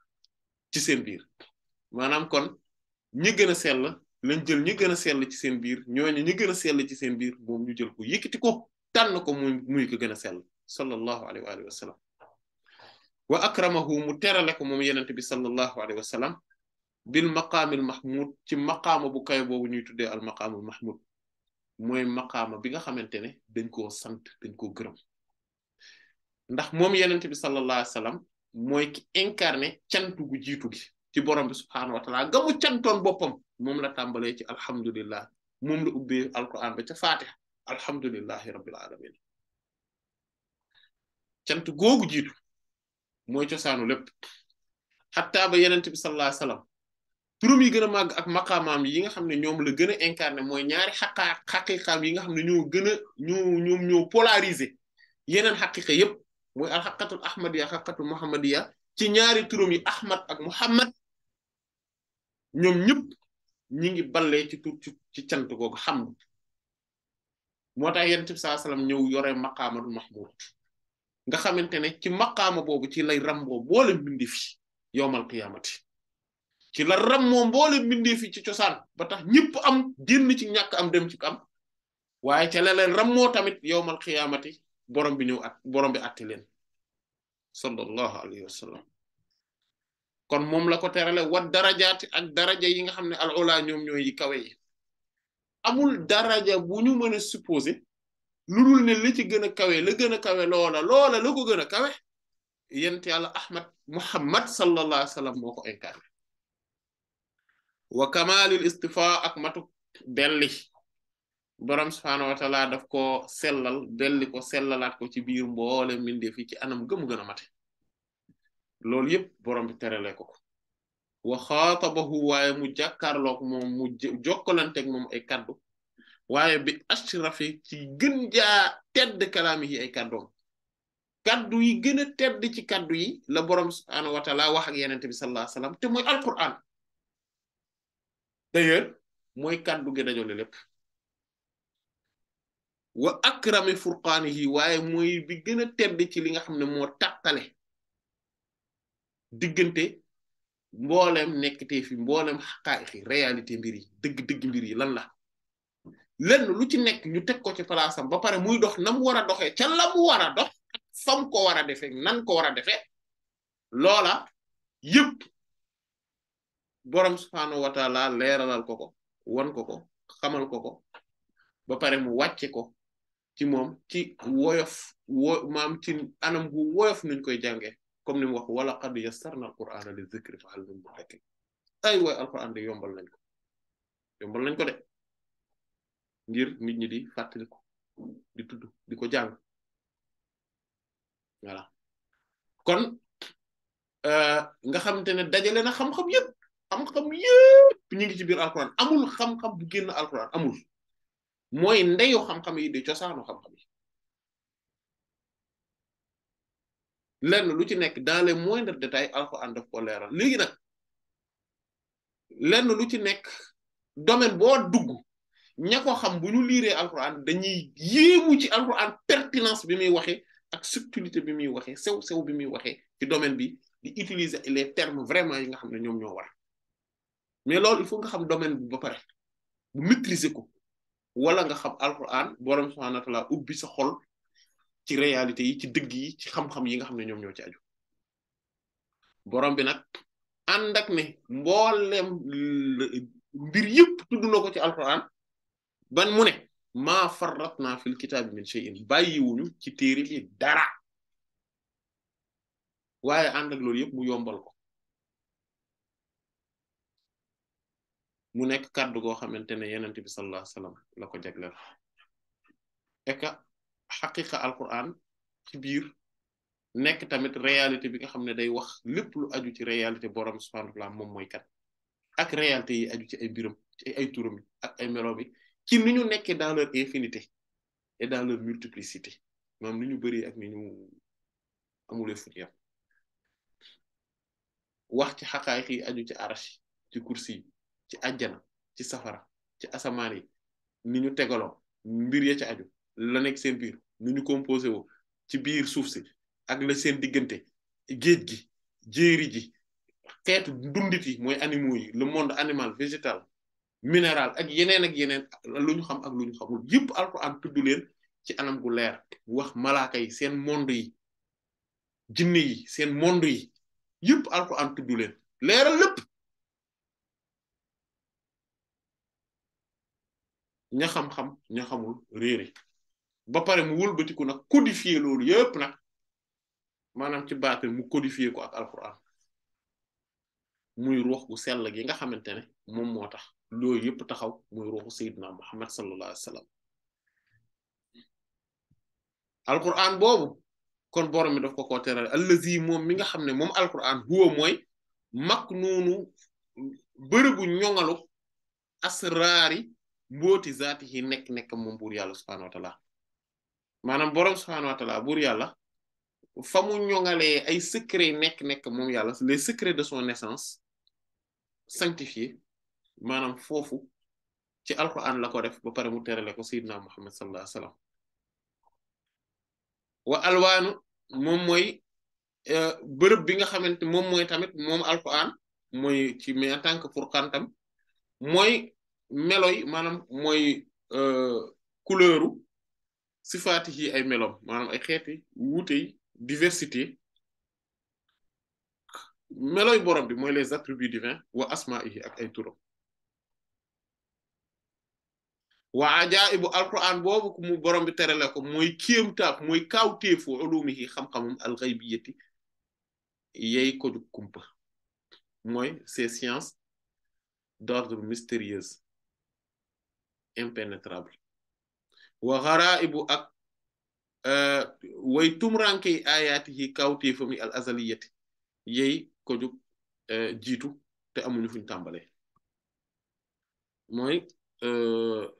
Speaker 1: ci seen biir Manam kon ñi gëna sel sell lañ jël ñi gëna sel ci seen biir ñooñu ñi gëna sel ci seen biir moom ñu jël ko yëkkati ko tànn ko muy muy ko gëna sel. sallallahu alayhi wa sallam wa akramahu mu terale ko moom yenente bi sallallahu alayhi wa sallam bil maqaamil mahmud ci maqaama bu kawe boobu ñuy al maqaamul mahmud mooy maqaama bi nga dañ sant dañ koo gërëm ndax moom yenente bi sallallahu alayhi wa sallam ki incarné cantu gu jiitu gi ci borom bi subhaanahu wa taala ga mu cantoon boppam la ci alhamdulillah moom la ubbee alquran ba ca fatiha alhamdulillahi rabbil alamin cant googu jiitu mooy cosaanu lépp xataa ba yeneen bi sallallahu alayhi wasallam turam yi gën a màgg ak maqaamaam yi nga xam ne ñoom la gën a incarné mooy ñaari xaqaa xaqiqaam yi nga xam ne ñoo gën a ñoo ñoom ñoo polarisé yeneen xaqiqa yépp mooy alxaqatul ahmadiya xaqatul muhammadiya ci ñaari turam yi ahmad ak muhammad ñoom ñëpp ñi ngi ballee ci tur ci cant googu xam moo tax yenent bi sallallahu ñëw yore maqaamatul mahmud nga xamante ne ci maqaama boobu ci lay ramboo mboolem mbindeef yi yowmal qiyaamati ci la rammoo mboole mbindeef yi ci cosaan ba tax ñëpp am génn ci ñàkk am dem ci am waaye ca la leen rammoo tamit yowmal qiyaamati borom bi ñëw at borom bi atti leen sallallahu kon moom la ko terale wa darajaati ak daraja yi nga xam ne al ula ñoom yi kawe amul daraja bu ñu mën a supposé lu dul ne la ci gën a kawe la gën a kawe loola loola la ko gën a kawe yent yàlla Ahmad Muhammad sallallahu alayhi wa sallam moo ko incarné wa kamalil istifa ak matuk belli borom subhaanahu wa taala daf ko sellal belli ko sellalaat ko ci biir mboole mbindeef yi ci anam gëm gën a mate loolu yëpp borom bi terale ko ko wa xaatabahu waaye mu jàkkaarloog moom mu jokkalanteeg moom ay kaddu waaye bi ashrafi ci gën jaa tedd kalaami ay kàddoom kàddu yi gën a tedd ci kàddu yi la borom subhaanahu wa taala wax ak yenente bi sallallahu alayhi wasallam te mooy alquran d'ailleurs mooy kàddu gi dajale lépp wa akrami furqaanihi waaye mooy bi gën a tedd ci li nga xam ne moo tàqale diggante mboolem nekkatee fi mboolem xaqaa'iqi réalité mbir yi dëgg-dëgg mbir yi lan la lenn lu ci nekk ñu teg ko ci palaasam ba pare muy dox na mu war a doxee ca la mu war a dox fam ko war a defee nan ko war a defee loola yëpp borom subhaanahu watala leeralal ko ko won ko ko xamal ko ko ba pare mu wàcce ko ci moom ci woyof wo maam ci anam gu woyof nañ koy jànge comme ni mu wax wala qad yassarna alqur'ana li dhikri fahal min muddakir ay way alqur'an de yombal nañ ko yombal nañ ko de ngir nit ñi di ko di tudd di ko jàng voilà kon euh, nga xamante ne dajale na xam-xam yépp xam-xam yépp ñi ngi ci biir alquran amul xam-xam bu génn alquran amul mooy ndeyu xam-xam yi di cosaanu xam-xam yi lenn lu ci nekk dans les moindres détails alquran daf ko leeral léegi nag lenn lu ci nekk domaine boo dugg ña ko xam bu ñu liiree alquran dañuy yéemu ci alquran pertinence bi muy waxee ak subtilité bi muy waxee sew sew bi muy waxee ci domaine bi di utiliser les termes vraiment yi nga xam ne ñoom ñoo war mais loolu il faut nga xam domaine bi ba pare bu maîtriser ko wala nga xam alquran borom subhanahu wa ta'ala ubbi sa xol ci réalité yi ci dëgg yi ci xam-xam yi nga xam ne ñoom ñoo ci aju borom bi nag ànd ak ne mboolem mbir yépp tudd na ko ci alquran ban mu ne maa farratna fil kitaabi min shay'in bàyyiwuñu ci téere bi dara waaye ànd ak loolu yëpp mu yombal ko mu nekk kàddu goo xamante ne yenent bi sallallahu alayhi wasallam la ko jagleel eka xaqiqa alquran ci biir nekk tamit réalité bi nga xam ne day wax lépp lu aju ci réalité borom subhanahu wa ta'ala moom mooy kat ak réalité yi aju ci ay biram ci ay turam ay melo ci ni dans leur infinité et dans leur multiplicité maanaam ni ñu bëri ak ni ñu amulee fu wax ci aju ci arash ci kursi ci safara ci asamaan yi ni mbir ya ci aju la nekk seen biir composé ci biir suuf ak seen le monde animal végétal Mineral, ak yeneen ak yeneen lu ñu xam ak lu ñu xamul yépp alquran tuddu leen ci anam gu leer wax malaaka yi seen monde yi jinni yi seen monde yi yépp alquran tuddu leen leeral lépp ña xam-xam ña xamul réere ba pare mu wëlbatiku nag codifier loolu yépp nag maanaam ci baatin mu codifier ko ak alquran muy ruux gu sell gi nga xamante ne moom loolu yëpp taxaw muy ruuxu na muhammad sallallahu alayhi wa sallam alquran boobu kon borom mi daf ko koo teral allazi moom mi nga xam ne moom alquran huwa mooy mag noonu bërëbu ñoŋalu asraari mbooti zaati yi nekk-nekk moom buur yàlla subhaanahu wa taala maanaam borom subhaanahu wa taala buur yàlla fa mu ñoŋalee ay secret nekk-nekk moom yàlla les secrets de son naissance sanctifié maanaam foofu ci alquran la ko def ba pare mu terale ko sayyidina muhammad sallallahu alayhi wa sallam wa alwaanu moom mooy e, bërëb bi nga xamante moom mooy tamit moom alquran mooy ci mais en tant que furqaan tam mooy melo yi maanaam mooy e, couleuru sifaati yi ay melom maanaam ay xeeti wuute yi diversité melooy borom bi mooy les attributs divins wa asma'ihi ak ay turam wa ajaibu alquran boobu mu borom bi terale ko mooy kéemtaaf mooy kaawteefu ulumihi xam-xamum alxaybiyati yey ko ju kumpa mooy ces sciences d'ordre mystérieuse impénétrable wa xaraibu ak euh, way tumranke ayaatihi kaawteefam yi al azaliyati yey ko ju euh, jiitu te amuñu fuñ tàmbale mooy euh,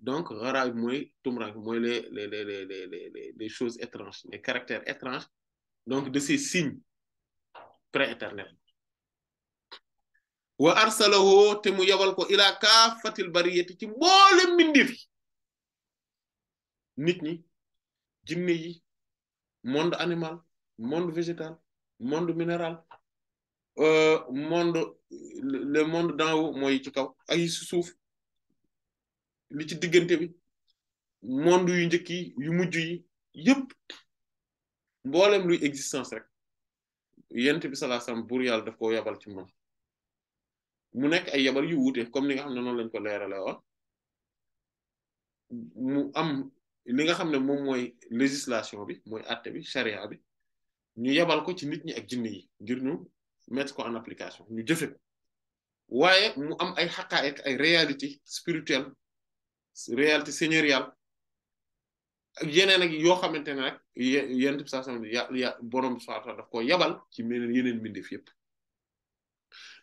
Speaker 1: donc raraay moi tumuraank moi les les les les les les choses étranges les caractères étranges donc de ces signes prééternels wa arsalahu te ko ila kafatil bariyati ci mboolem mbindeef yi nit ñi yi monde animal monde végétal monde minéral euh, monde le monde d'en haut moy ci kaw ay souf li ci diggante bi monde yu njëkk yu mujj yi yëpp mboolem luy existence rek yent bi sallallahu sam wasallam buur daf ko yabal ci moom mu nekk ay yabal yu wuute comme ni nga xam ne noonu lañ ko leerale woon mu am li nga xam ne moom mooy législation bi mooy àtte bi charia bi ñu yabal ko ci nit ñi ak jinne yi ngir ñu mettre ko en application ñu jëfe ko waaye mu am ay xaqaa'iq ay réalité spirituelle réalité seigneuriale ak yeneen ak yoo xamante ne rek yent bi saa ya ya borom soata daf ko yabal ci meneen yeneen mbindeef yépp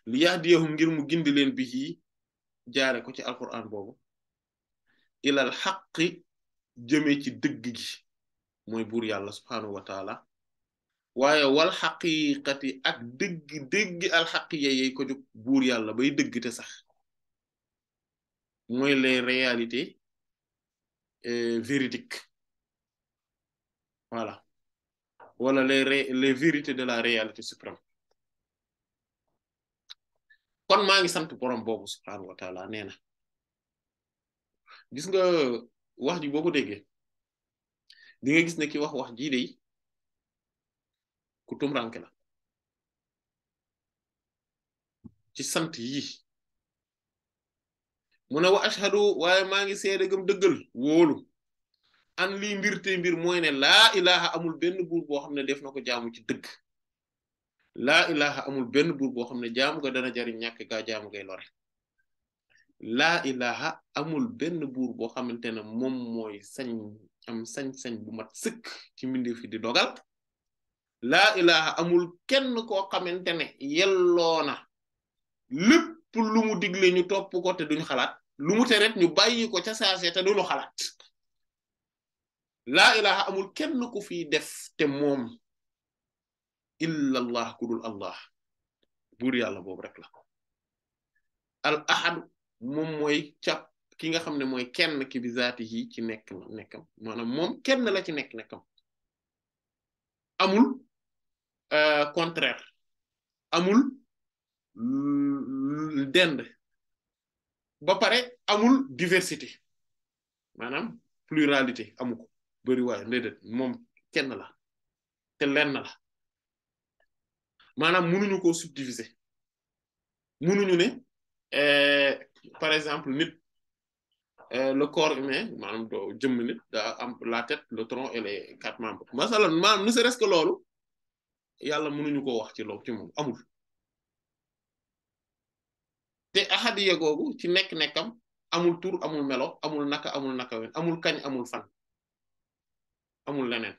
Speaker 1: li yahdiyahum ngir mu gindi leen bi ci jaare ko ci alquran boobu ilal xaqi jëmee ci dëgg gi mooy buur yàlla subhaanahu wa taala waaye wal xaqiqati ak dëgg dëgg alxaqiya yey ko jóg buur yàlla bay dëgg te sax mooy les réalité euh, véridiques voilà wala les les vérités de la réalité suprême kon maa ngi sant borom boobu subhaanahu wa taala nee na gis nga wax ji boo ko déggee di nga gis ne ki wax wax jii de ku tumranke la ci sant yii mu wa ashhadu waaye maa ngi seede gëm dëggal wóolu an lii mbir te mbir mooy ne laa ilaha amul benn buur boo xam ne def na ko jaamu ci dëgg laa ilaha amul benn buur boo xam ne jaamu ga dana jariñ ñàkk gaa jaamu gay lore amul benn buur boo xamante ne moom mooy sañ am sañ-sañ bu mat sëkk ci mbindeef fi di dogal laa ilaha amul kenn koo xamante ne yelloona lépp pour lu mu digle ñu topp ko te duñu xalaat lu mu tere ñu bàyyi ko ca saase te duñu xalaat laa ilaha amul kenn ku fi def te moom illa allah ku dul allah buur yàlla boobu rek la al ahad moom mooy càpp ki nga xam ne mooy kenn ki bi zaati yi ci nekk nekkam maanaam moom kenn la ci nekk nekkam amul euh, contraire amul Mm, mm, dend ba pare amul diversité manam pluralité amuko beuri bëri waaye mom kenn la te lenn la manam mënuñu ko subdiviser mënuñu euh eh, par exemple nit eh, le corps humain manam do jëm nit da am la tête le tronc et les quatre membres masalan manam ne serait-ce que lolu yalla mënuñu ko wax ci loolu ci mom amul te ahadiya googu ci nekk-nekkam amul tur amul melo amul naka amul naka wen amul kañ amul fan amul leneen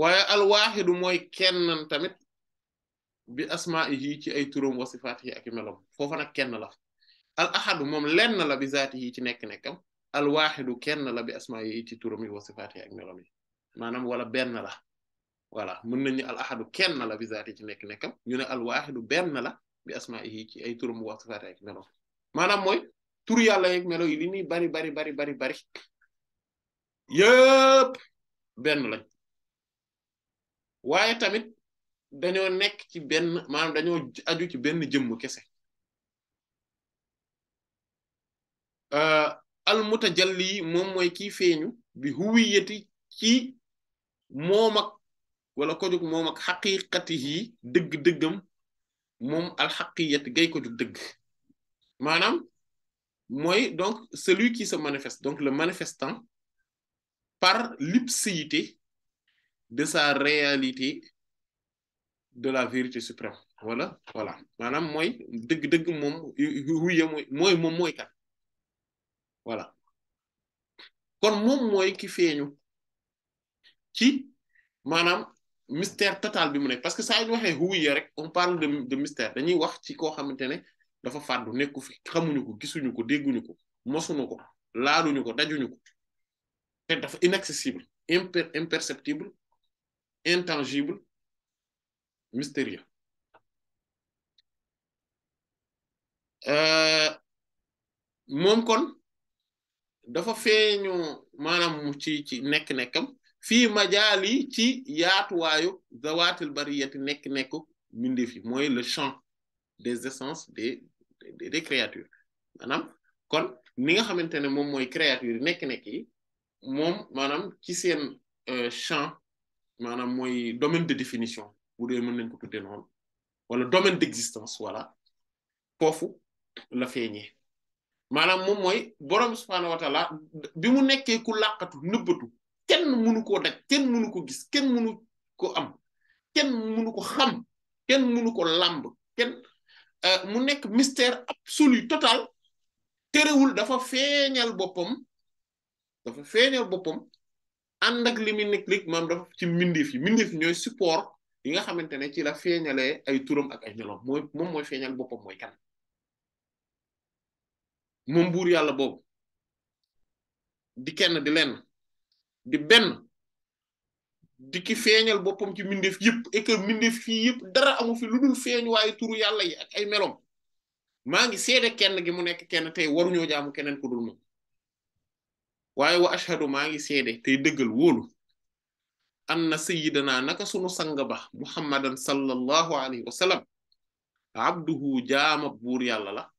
Speaker 1: waaye alwaaxidu mooy kenn tamit bi asmaa'ihi ci ay turam wa sifaatihi ak melom foofa nag kenn la al ahadu moom lenn la bi zaatihi ci nekk-nekkam alwaaxidu kenn la bi asmaa'ihi ci turam yi wa sifaatihi ak melom yi maanaam wala benn la voilà mën nañu al ahadu kenn la bi zaatihi ci nekk-nekkam ñu ne alwaaxidu benn la bi asma'ihi ci ay turum wa sifaati ak melo turia moy tur yalla yek melo yi ni bari bari bari bari bari yep ben lañ waye tamit dañu nek ci ben manam dañu aju ci jëm kesse euh al mutajalli mom moy ki feñu bi huwiyati ci momak wala ko jóg moom Mon alxaqiyat gay ko donc celui qui se manifeste donc le manifestant par l'ipséité de sa réalité de la vérité suprême voilà voilà Madame, moi moi, moi, mom moi, moi moi voilà kon mom moy ki mystère total bi mu nekk parce que saa ñu waxee huwiya rek on parle de de mystère dañuy wax ci koo xamante ne dafa fàddu nekku fi xamuñu ko gisuñu ko dégguñu ko mosuñu ko laaluñu ko dajuñu ko te dafa inaccessible imper imperceptible intangible mystérieux euh, moom kon dafa feeñoo maanaam ci ci nekk-nekkam fi majali ci yaatuwaayu zawatil bariyati nek nekk mbindeef fi moy le champ des essences des des créatures manam kon ni nga xamantene mom moy créature nek yi nekk-nekk yi moom maanaam ci seen euh, champ manam moy domaine de définition bu dee meun nañ ko tuddee noonu wala domaine d'existence voilà foofu la feeñee manam mom moy borom subhanahu wa taala bi mu nekkee ku laqatu nëbbatu Ken mënu ko dag kenn mënu ko gis Ken mënu ko am Ken mënu ko xam kenn mënu ko lamb? kenn euh, mu nekk mystère absolu total terewul dafa feeñal boppam dafa feeñal boppam ànd ak limi muy nekk léegi maam dafa ci yi ñooy support yi nga xamante ne ci la feeñalee ay turam ak ay ñolom mooy moom mooy feeñal boppam mooy kan moom buur yàlla boobu di kenn di lenn di benn di ki feeñal boppam ci mbindeef yëpp fii yëpp dara amu fi lu dul feeñ waaye turu yàlla ay melom maa ngi seede kenn gi mu nekk kenn tey waruñoo jaamu keneen ku dul moom waaye wa ashhadu maa ngi seede tey dëggal wóolu anna sayyidana naka sunu sang ba muhammadan sallallahu alayhi wa sallam abduhu jaamab buur yàlla la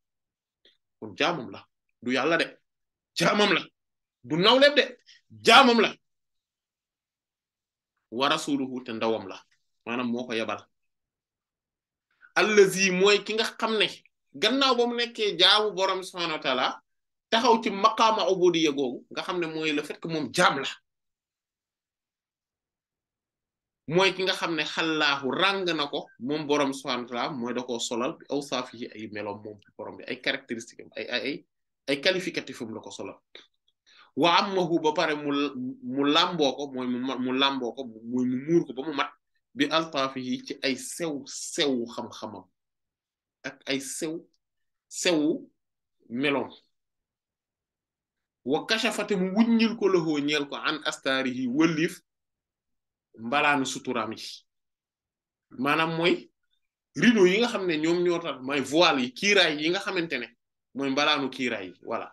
Speaker 1: kon jaamam la du yàlla de jaamam la du nawleb de jaamam la wa rasuluhu te ndawam la maanaam moo ko yebal allazi mooy ki nga xam ne gannaaw ba mu nekkee jaamu borom subhaanahu wa taala taxaw ci maqaama ubudiyya googu nga xam ne mooy le fait que moom jaam la mooy ki nga xam ne xallaahu ràng na ko moom borom subhaanahu wa mooy da koo solal bi awsaaf ay meloom moom borom bi ay caractéristiques am ay ay ay qualificatif la ko solal wa ammahu ba pare mu mu làmboo ko mu làmboo ko ba mu mat bi yi ci ay sew sew xam-xamam ak ay sew sewu meloom wa kachafate mu wuññil ko loxoo ñeel ko an astaarihi wëlliif mbalaanu suturaam yi maanaam mooy rideau yi nga xam ne ñoom ñoo tax voile yi kiiraay yi nga xamante ne mooy mbalaanu kiiraay yi voilà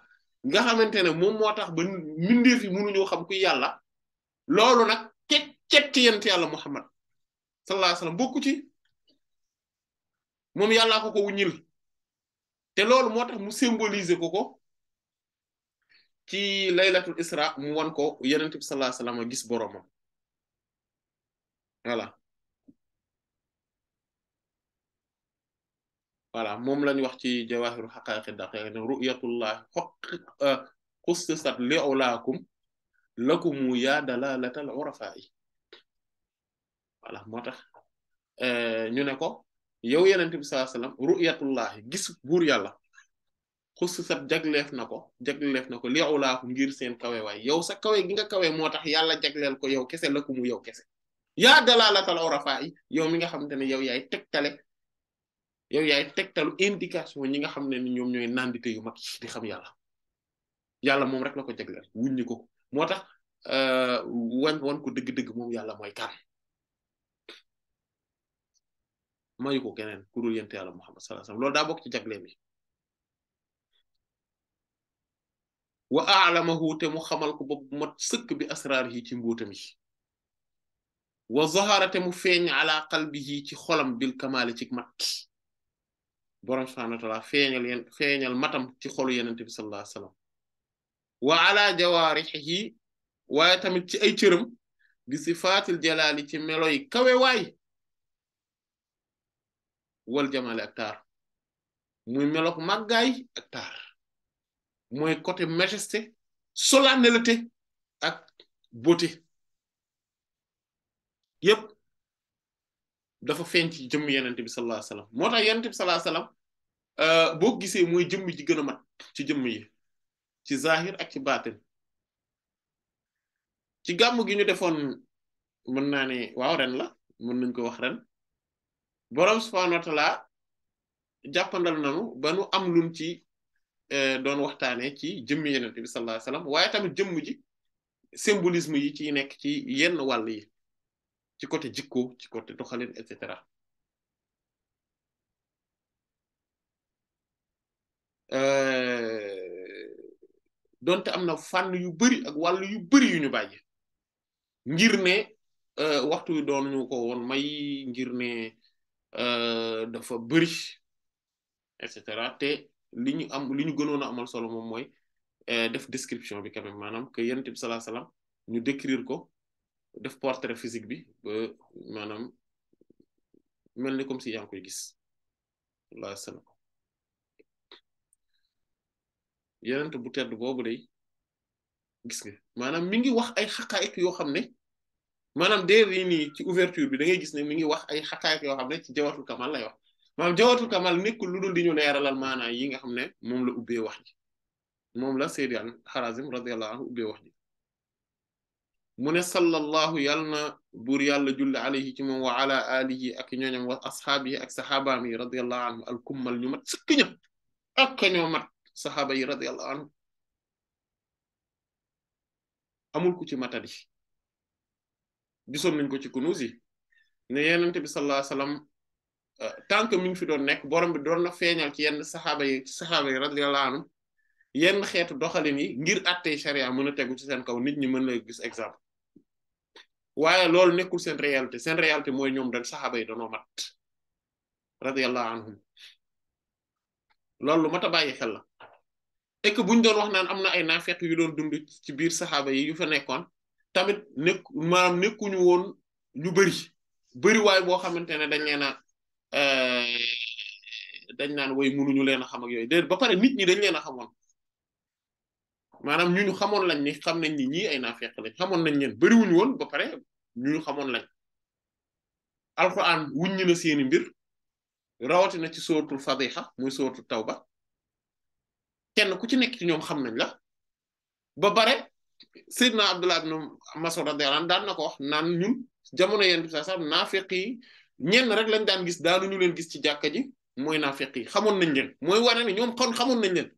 Speaker 1: nga xamante ne moom moo tax ba mbindeef yi mënuñoo xam ku yàlla loolu nag cet ci yent yàlla Muhammad sallallahu alayhi wasallam bokku ci moom yàllaa ko ko te loolu moo tax mu symboliser ko ko ci laylatul isra mu wan ko yonent bi sallallahu alayhi wasallam gis boromam voilà voilà mom lañ wax ci jawaahiru xaqaaqi daqiiq ne ru'yatullahi xaq xussisat li ulaakum lakumu yaa dalalatal urafa'i voilà moo tax ñu ne ko yow yenente sallallahu alayhi wasallam ru'yatullahi gis buur yàlla xussisat ngir seen kawe waay yow sa kawe gi nga kawe moo yàlla jagleel ko yow kese lakumu yow dalalatal yow mi nga xamantene yow yaay tektale yow yaay tegtalu indication ñi nga xam ne ni ñoom ñooy nandite yu mag di xam yàlla moom rek la ko jagleel wuññi ko moo tax euh, wañ wan ko dëgg-dëgg moom yàlla mooy kan mayu ko keneen ku dul yent yàlla Muhammad sallallahu alayhi wasallam loolu daa bokk ci jagleem yi wa a'lamahu te mu xamal ko bopp mat sëkk bi asraar yi ci mbóotam yi wa zahara te mu feeñ ala qalbihi ci xolam bil kamaali ci mat borom subhaanahu wa feeñal matam ci xolu yenente bi sallallahu alayhi wa sallam wa ala jawaarixihi waaye tamit ci ay cëram bi sifaatil jalaali ci melo yi kawe wal jamaali ak taar muy melok màggaay ak taar mooy côté majesté solennité ak beauté yépp dafa feeñ ci jëmm yenente bi sallallahu alayhi wasallam moo tax yenente bi sallallahu alayhi wasallam euh boo gisee mooy jëmm ji gën a mat ci jëmm yi ci zahir ak ci batin ci gàmm gi ñu defoon mën naa ne waaw ren la mën nañ ko wax ren borom subhanahu wa ta'ala jàppandal nanu ba nu am luñ ci euh, doon waxtaane ci jëmm yenente bi sallallahu alayhi wasallam waaye tamit jëmm ji symbolisme yi ci nekk ci yenn wàll yi ci côté jikko ci côté doxalin et cetera euh, donte am na fànn yu bari ak wàll yu bari yu ñu bàyyi ngir ne euh, waxtu wi doon ñu ko woon may ngir ne euh, dafa bari et cetera te li ñu am li ñu gënoon a amal solo moom mooy def description bi quand même maanaam que yonent bi sallallahu ñu décrire ko. def portrait physique bi ba maanaam mel ni comme si yaa ngi koy gis laa sën ko yenent bu tedd boobu day gis nga maanaam mi ngi wax ay xaqaayiq yoo xam ne maanaam dès lii nii ci ouverture bi da ngay gis ne mi ngi wax ay xaqaayiq yoo xam ne ci jawatul kamal lay wax maanaam jawatul kamal nekkul lu dul di ñu leeralal maanaam yi nga xam ne moom la ubbee wax ji moom la Seydi Harazim radiyallahu anhu ubbee wax ji mu ne sallallahu yal na buur yàlla julli alayhi ci moom wa ala alihi ak ñooñam wa asxaabihi ak saxaabaam yi radiyallahu anhum alkummal ñu mat sëkk ñëpp ak ka ñoo mat saxaaba yi radiyallahu anhum amul ku ci matadi gisoon nuñ ko ci kunuus yi ne yenente bi sallallahu alayhi wasallam euh, tant que mi ngi fi doon nekk borom bi doon na feeñal ci yenn saxaaba yi saxaaba yi radiyallahu anhum yenn xeetu doxalin yi ngir àttey sharia mën a tegu ci seen kaw nit ñi mën la gis exemple waaye loolu nekkul seen réalité seen réalité mooy ñoom dañ saxaaba yi danoo mat radiyallahu anhum loolu lu mat a bàyyi xel la et buñ doon wax naan am na ay naafeq yu doon dund ci biir saxaaba yi yu fa nekkoon tamit nekk maam nekkuñu woon ñu bëri bëri waay boo xamante ne dañ leen a euh, dañ naan way mënuñu leen a xam ak yooyu déedéet ba pare nit ñi dañ leen a xamoon maanaam ñu xamoon lañ ni xam nañ ni ñii ay naafeq lañ xamoon nañ leen bariwuñu woon ba pare ñu xamoon lañ alquran wuññi na seeni mbir rawatina ci sootul fadiha muy sootul tawba kenn ku ci nekk ci ñoom xam nañ la ba pare na Abdullah ibn Mas'ud radiyallahu deraan daan na ko wax naan ñun jamono yeen bi sax naafeq yi ñenn rek lañ daan gis daanuñu leen gis ci jàkka ji mooy naafeq yi xamoon nañ leen mooy wane ne ñoom kon xamoon nañ leen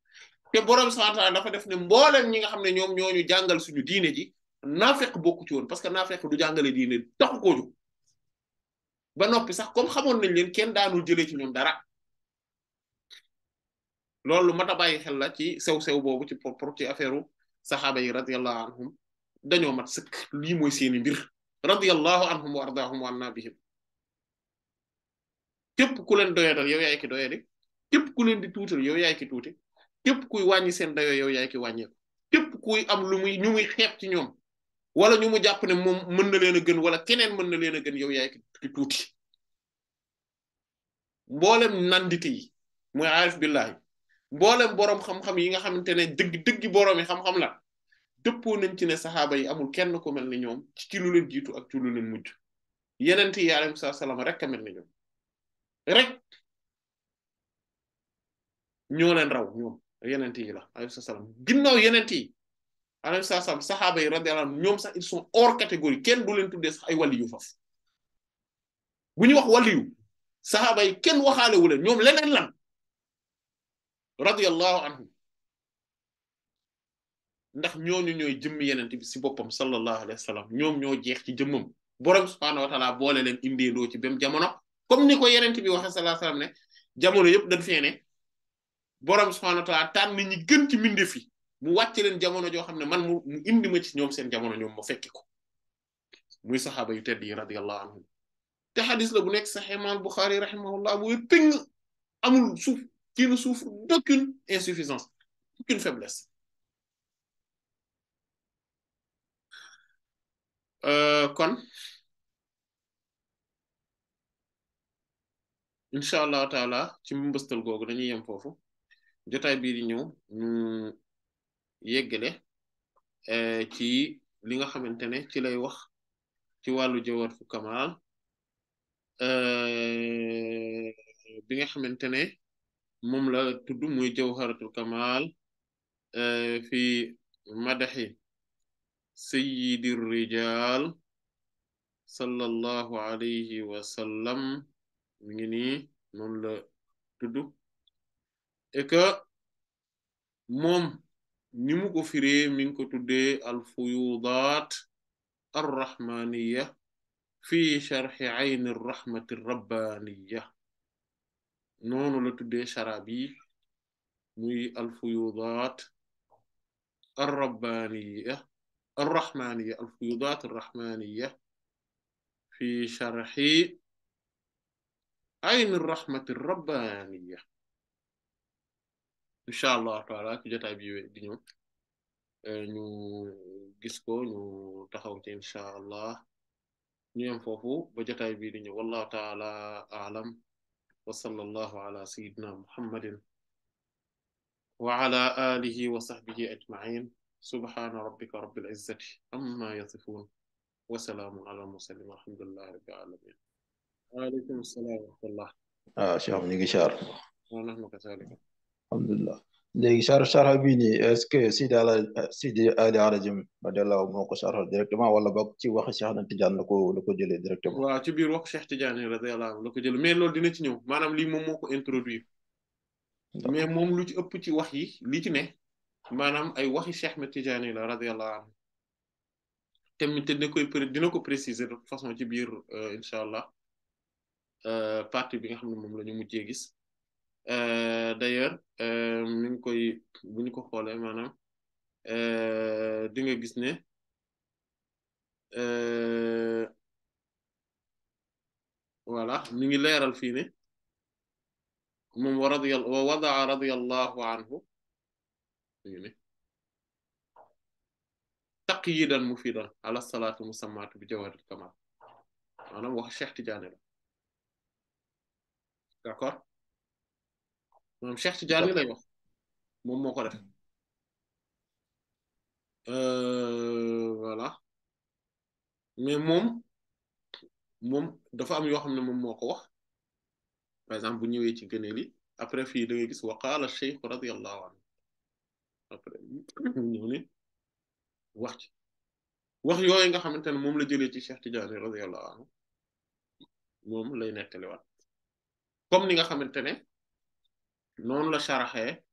Speaker 1: te borom subhaanahu wa ta'aala dafa def ne mboolem ñi nga xam ne ñoom ñoo ñu jàngal suñu diine ji naafeq bokku ci woon parce que naafeq du jàngale diine taxu koo jóg ba noppi sax comme xamoon nañ leen kenn daanul jëlee ci ñoom dara loolu lu mat a bàyyi xel la ci sew-sew boobu ci pour ci affaire saxaaba yi radiyallahu anhum dañoo mat sëkk lii mooy seeni mbir radiyallahu anhum wa ardaahum wa anna bihim képp ku leen doyadal yow yaay ki doyadi képp ku leen di tuutal yow yaay ki tuuti képp kuy wàññi seen dayoo yow yaay ki wàññeeku képp kuy am lu muy ñu muy xeeb ci ñoom wala ñu mu jàpp ne moom mën na leen a gën wala keneen mën na leen a gën yow yaay ki tuuti mboolem nandite yi mooy aarif billahi mboolem boroom xam-xam yi nga xamante ne dëgg dëggi boroom yi xam-xam la dëppoo nañ ci ne saxaaba yi amul kenn ku mel ni ñoom ci lu leen jiitu ak ci lu leen mujj yeneen yi alayhi salaam rek a mel ni ñoom rek ñoo leen raw ñoom. yenent yi la alayhi salaam ginnaaw yenent yi alayhi salaam saxaaba yi radiyallahu anhum ñoom sax ils sont hors catégorie kenn du leen tuddee sax ay waliyu faf bu ñu wax waliyu saxaaba yi kenn waxaale wu leen ñoom leneen lan radiyallahu anhum ndax ñooñu ñooy jëmm yenent bi si boppam sallallahu alayhi wa sallam ñoom ñoo jeex ci jëmmam borom subhaanahu wa taala boole leen indeendoo ci bém jamono comme ni ko yenent bi waxee sallallahu alayhi wa sallam ne jamono yëpp dañ fee ne borom subhanahu wa ta'ala tan ñi ñi gën ci mbindeef fi mu wàcc leen jamono jo xamne man mu indi ma ci ñoom seen jamono ñoom ma fekki ko muy sahaba yu teddi radiyallahu anhu te hadith la bu nek sahih imaam bukhari rahimahullah bu ping amul suuf qui lu suuf d'aucune insuffisance aucune faiblesse. euh kon inshallah taala ci mbeustal gogou dañuy yam fofu jotaay bii di ñëw ñu eh, ci li nga xamante ne ci lay wax ci wàllu jawat fu kamal eh, bi nga xamante ne moom la muy jawharatul kamal eh, fi madaxi sayyidir rijal sallallahu alayhi wa sallam mi ngi nii moom la tudd et que ko firé min ko tuddé al fuyudat ar rahmaniyah fi sharh ayn ar rahmat ar rabbaniyah nonu la tuddé sharabi muy al fuyudat ar rabbaniyah ar rahmaniyah al fuyudat ar rahmaniyah fi sharh ayn ar rahmat ar rabbaniyah incha allah taala ci jotaay bi di ñëw ñu gis ko ñu taxaw ci incha allah ñu yem foofu ba jotaay bi di ñëw wallahu taala aalam wa sallallahu ala sayidina muhammadin wa ala alihi wa sahbihi ajmain subhana rabbika rabbil izzati amma yasifun wa salaamun ala mursalin walhamdulillahi rabbil alamin waaleykum salaam wa rahmatullah ah cheikh ñu ngi xaar wa nahnu kazalika alhamdulilah léegi char charxa bii nii est-ce que Sidi ala Sidi Ali Arajim radiallahu moo ko charxa directement wala boog ci waxi Cheikh na Tidiane la ko la ko jëlee directement waaw ci biir waxu Cheikh Tidiane radiallahu la ko jëlee mais loolu dina ci ñëw maanaam lii moom moo ko introduire mais moom lu ci ëpp ci wax yi li ci ne maanaam ay waxi Cheikh na yi la radiallahu anhu tamit te dina koy dina ko préciser de façon ci biir euh, incha allah euh, partie bi nga xam ne moom la ñu mujjee gis d'ailleurs euh ñu koy buñ ko xolé manam euh di nga gis ne euh voilà ñu ngi léral fi ne mom wa wadaa radiyallahu anhu ñu ne taqyidan mufidan ala salatu musammat bi jawad al kamal manam wax Cheikh Tidiane la d'accord maanaam Cheikh Tidiane mi lay wax moom moo ko def euh, voilà mais moom moom dafa am yoo xam ne moom moo ko wax par exemple bu ñëwee ci gëneel yi après fii da gis wa qaala cheikh radiyallahu anhu après ñëw ne wax ci wax yooyu nga xamante ne moom la jëlee ci Cheikh Tidiane radiyallahu anhu moom lay nettaliwaat comme ni nga xamante ne noonu la sharaxee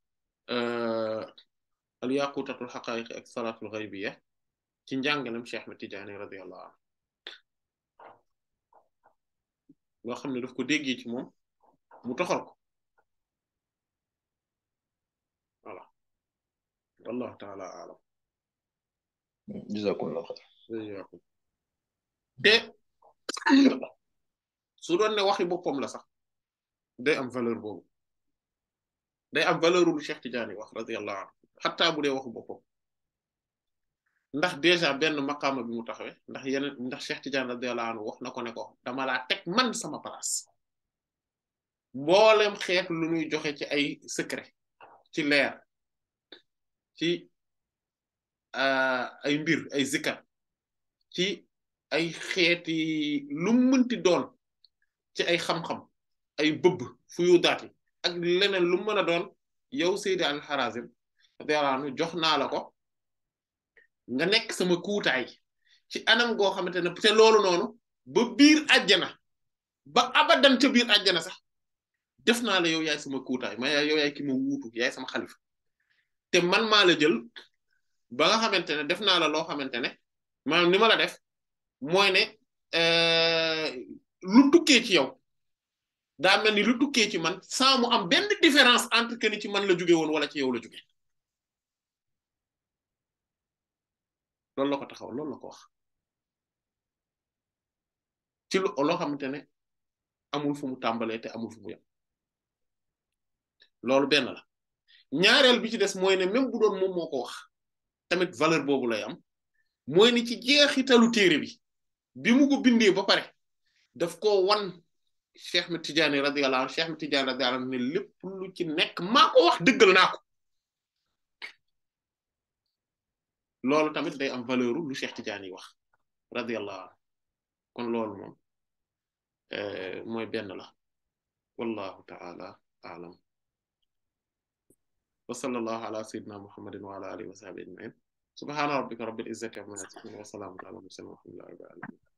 Speaker 1: al yaqutatul xaqaayiq ak salatul xaybiya ci njàngalem Cheikh Ahmed Tidiane radiyallahu anhu loo xam ne daf ko déggee ci moom mu toxal ko voilà wallahu taala alam jazakumullahu xayr te su doon ne waxi boppam la sax day am valeur boobu day am valeur lu Cheikh Tidiane wax radiyallahu anhu xataa bu dee waxu boppam ndax déjà benn maqaama bi mu taxawee ndax yeneen ndax Cheikh Tidiane radiyallahu wax na ko ne ko dama laa teg man sama place mboolem xeet lu ñuy joxe ci ay secret ci leer ci euh, ay mbir ay zikar ci ay xeeti lu mënti doon ci ay xam-xam ay bëbb fu yu daati ak leneen lu mën a doon yow Seydi Al-Harazim radiyallahu anhu jox naa la ko nga nekk sama kuutaay ci anam goo xamante ne te loolu noonu ba biir àjjana ba abadan ca biir àjjana sax def naa la yow yaay sama kuutaay ma yow yaay ki ma wuutu yaay sama xalifa te man maa la jël ba nga xamante ne def naa la loo xamante ne maanaam ni ma la def mooy ne euh, lu tukkee ci yow daa mel ni lu tukkee ci man sans mu am benn différence entre que ni ci man la jóge woon wala ci yow la jóge loolu la ko taxaw loolu la ko wax ci lu loo xamante ne amul fu mu tàmbalee te amul fu mu loolu benn la ñaareel bi ci des mooy ne même bu doon moom wax tamit valeur boobu lay am mooy ni ci jeexitalu téere bi bi mu ko bindee ba pare def ko wan Cheikh Ahmed Tidiane radiyallahu anhu Cheikh Ahmed Tidiane radiyallahu anhu ne lépp lu ci nek mako wax dëggal nako ko tamit day am valeur lu Cheikh Tidiane wax radiyallahu anhu kon mom euh moy ben la wallahu ta'ala a'lam wa sallallahu ala sayyidina muhammadin wa ala alihi wa sahbihi ajma'in subhana rabbika rabbil izzati amma yasifun wa salamun ala al mursalin walhamdulillahi rabbil alamin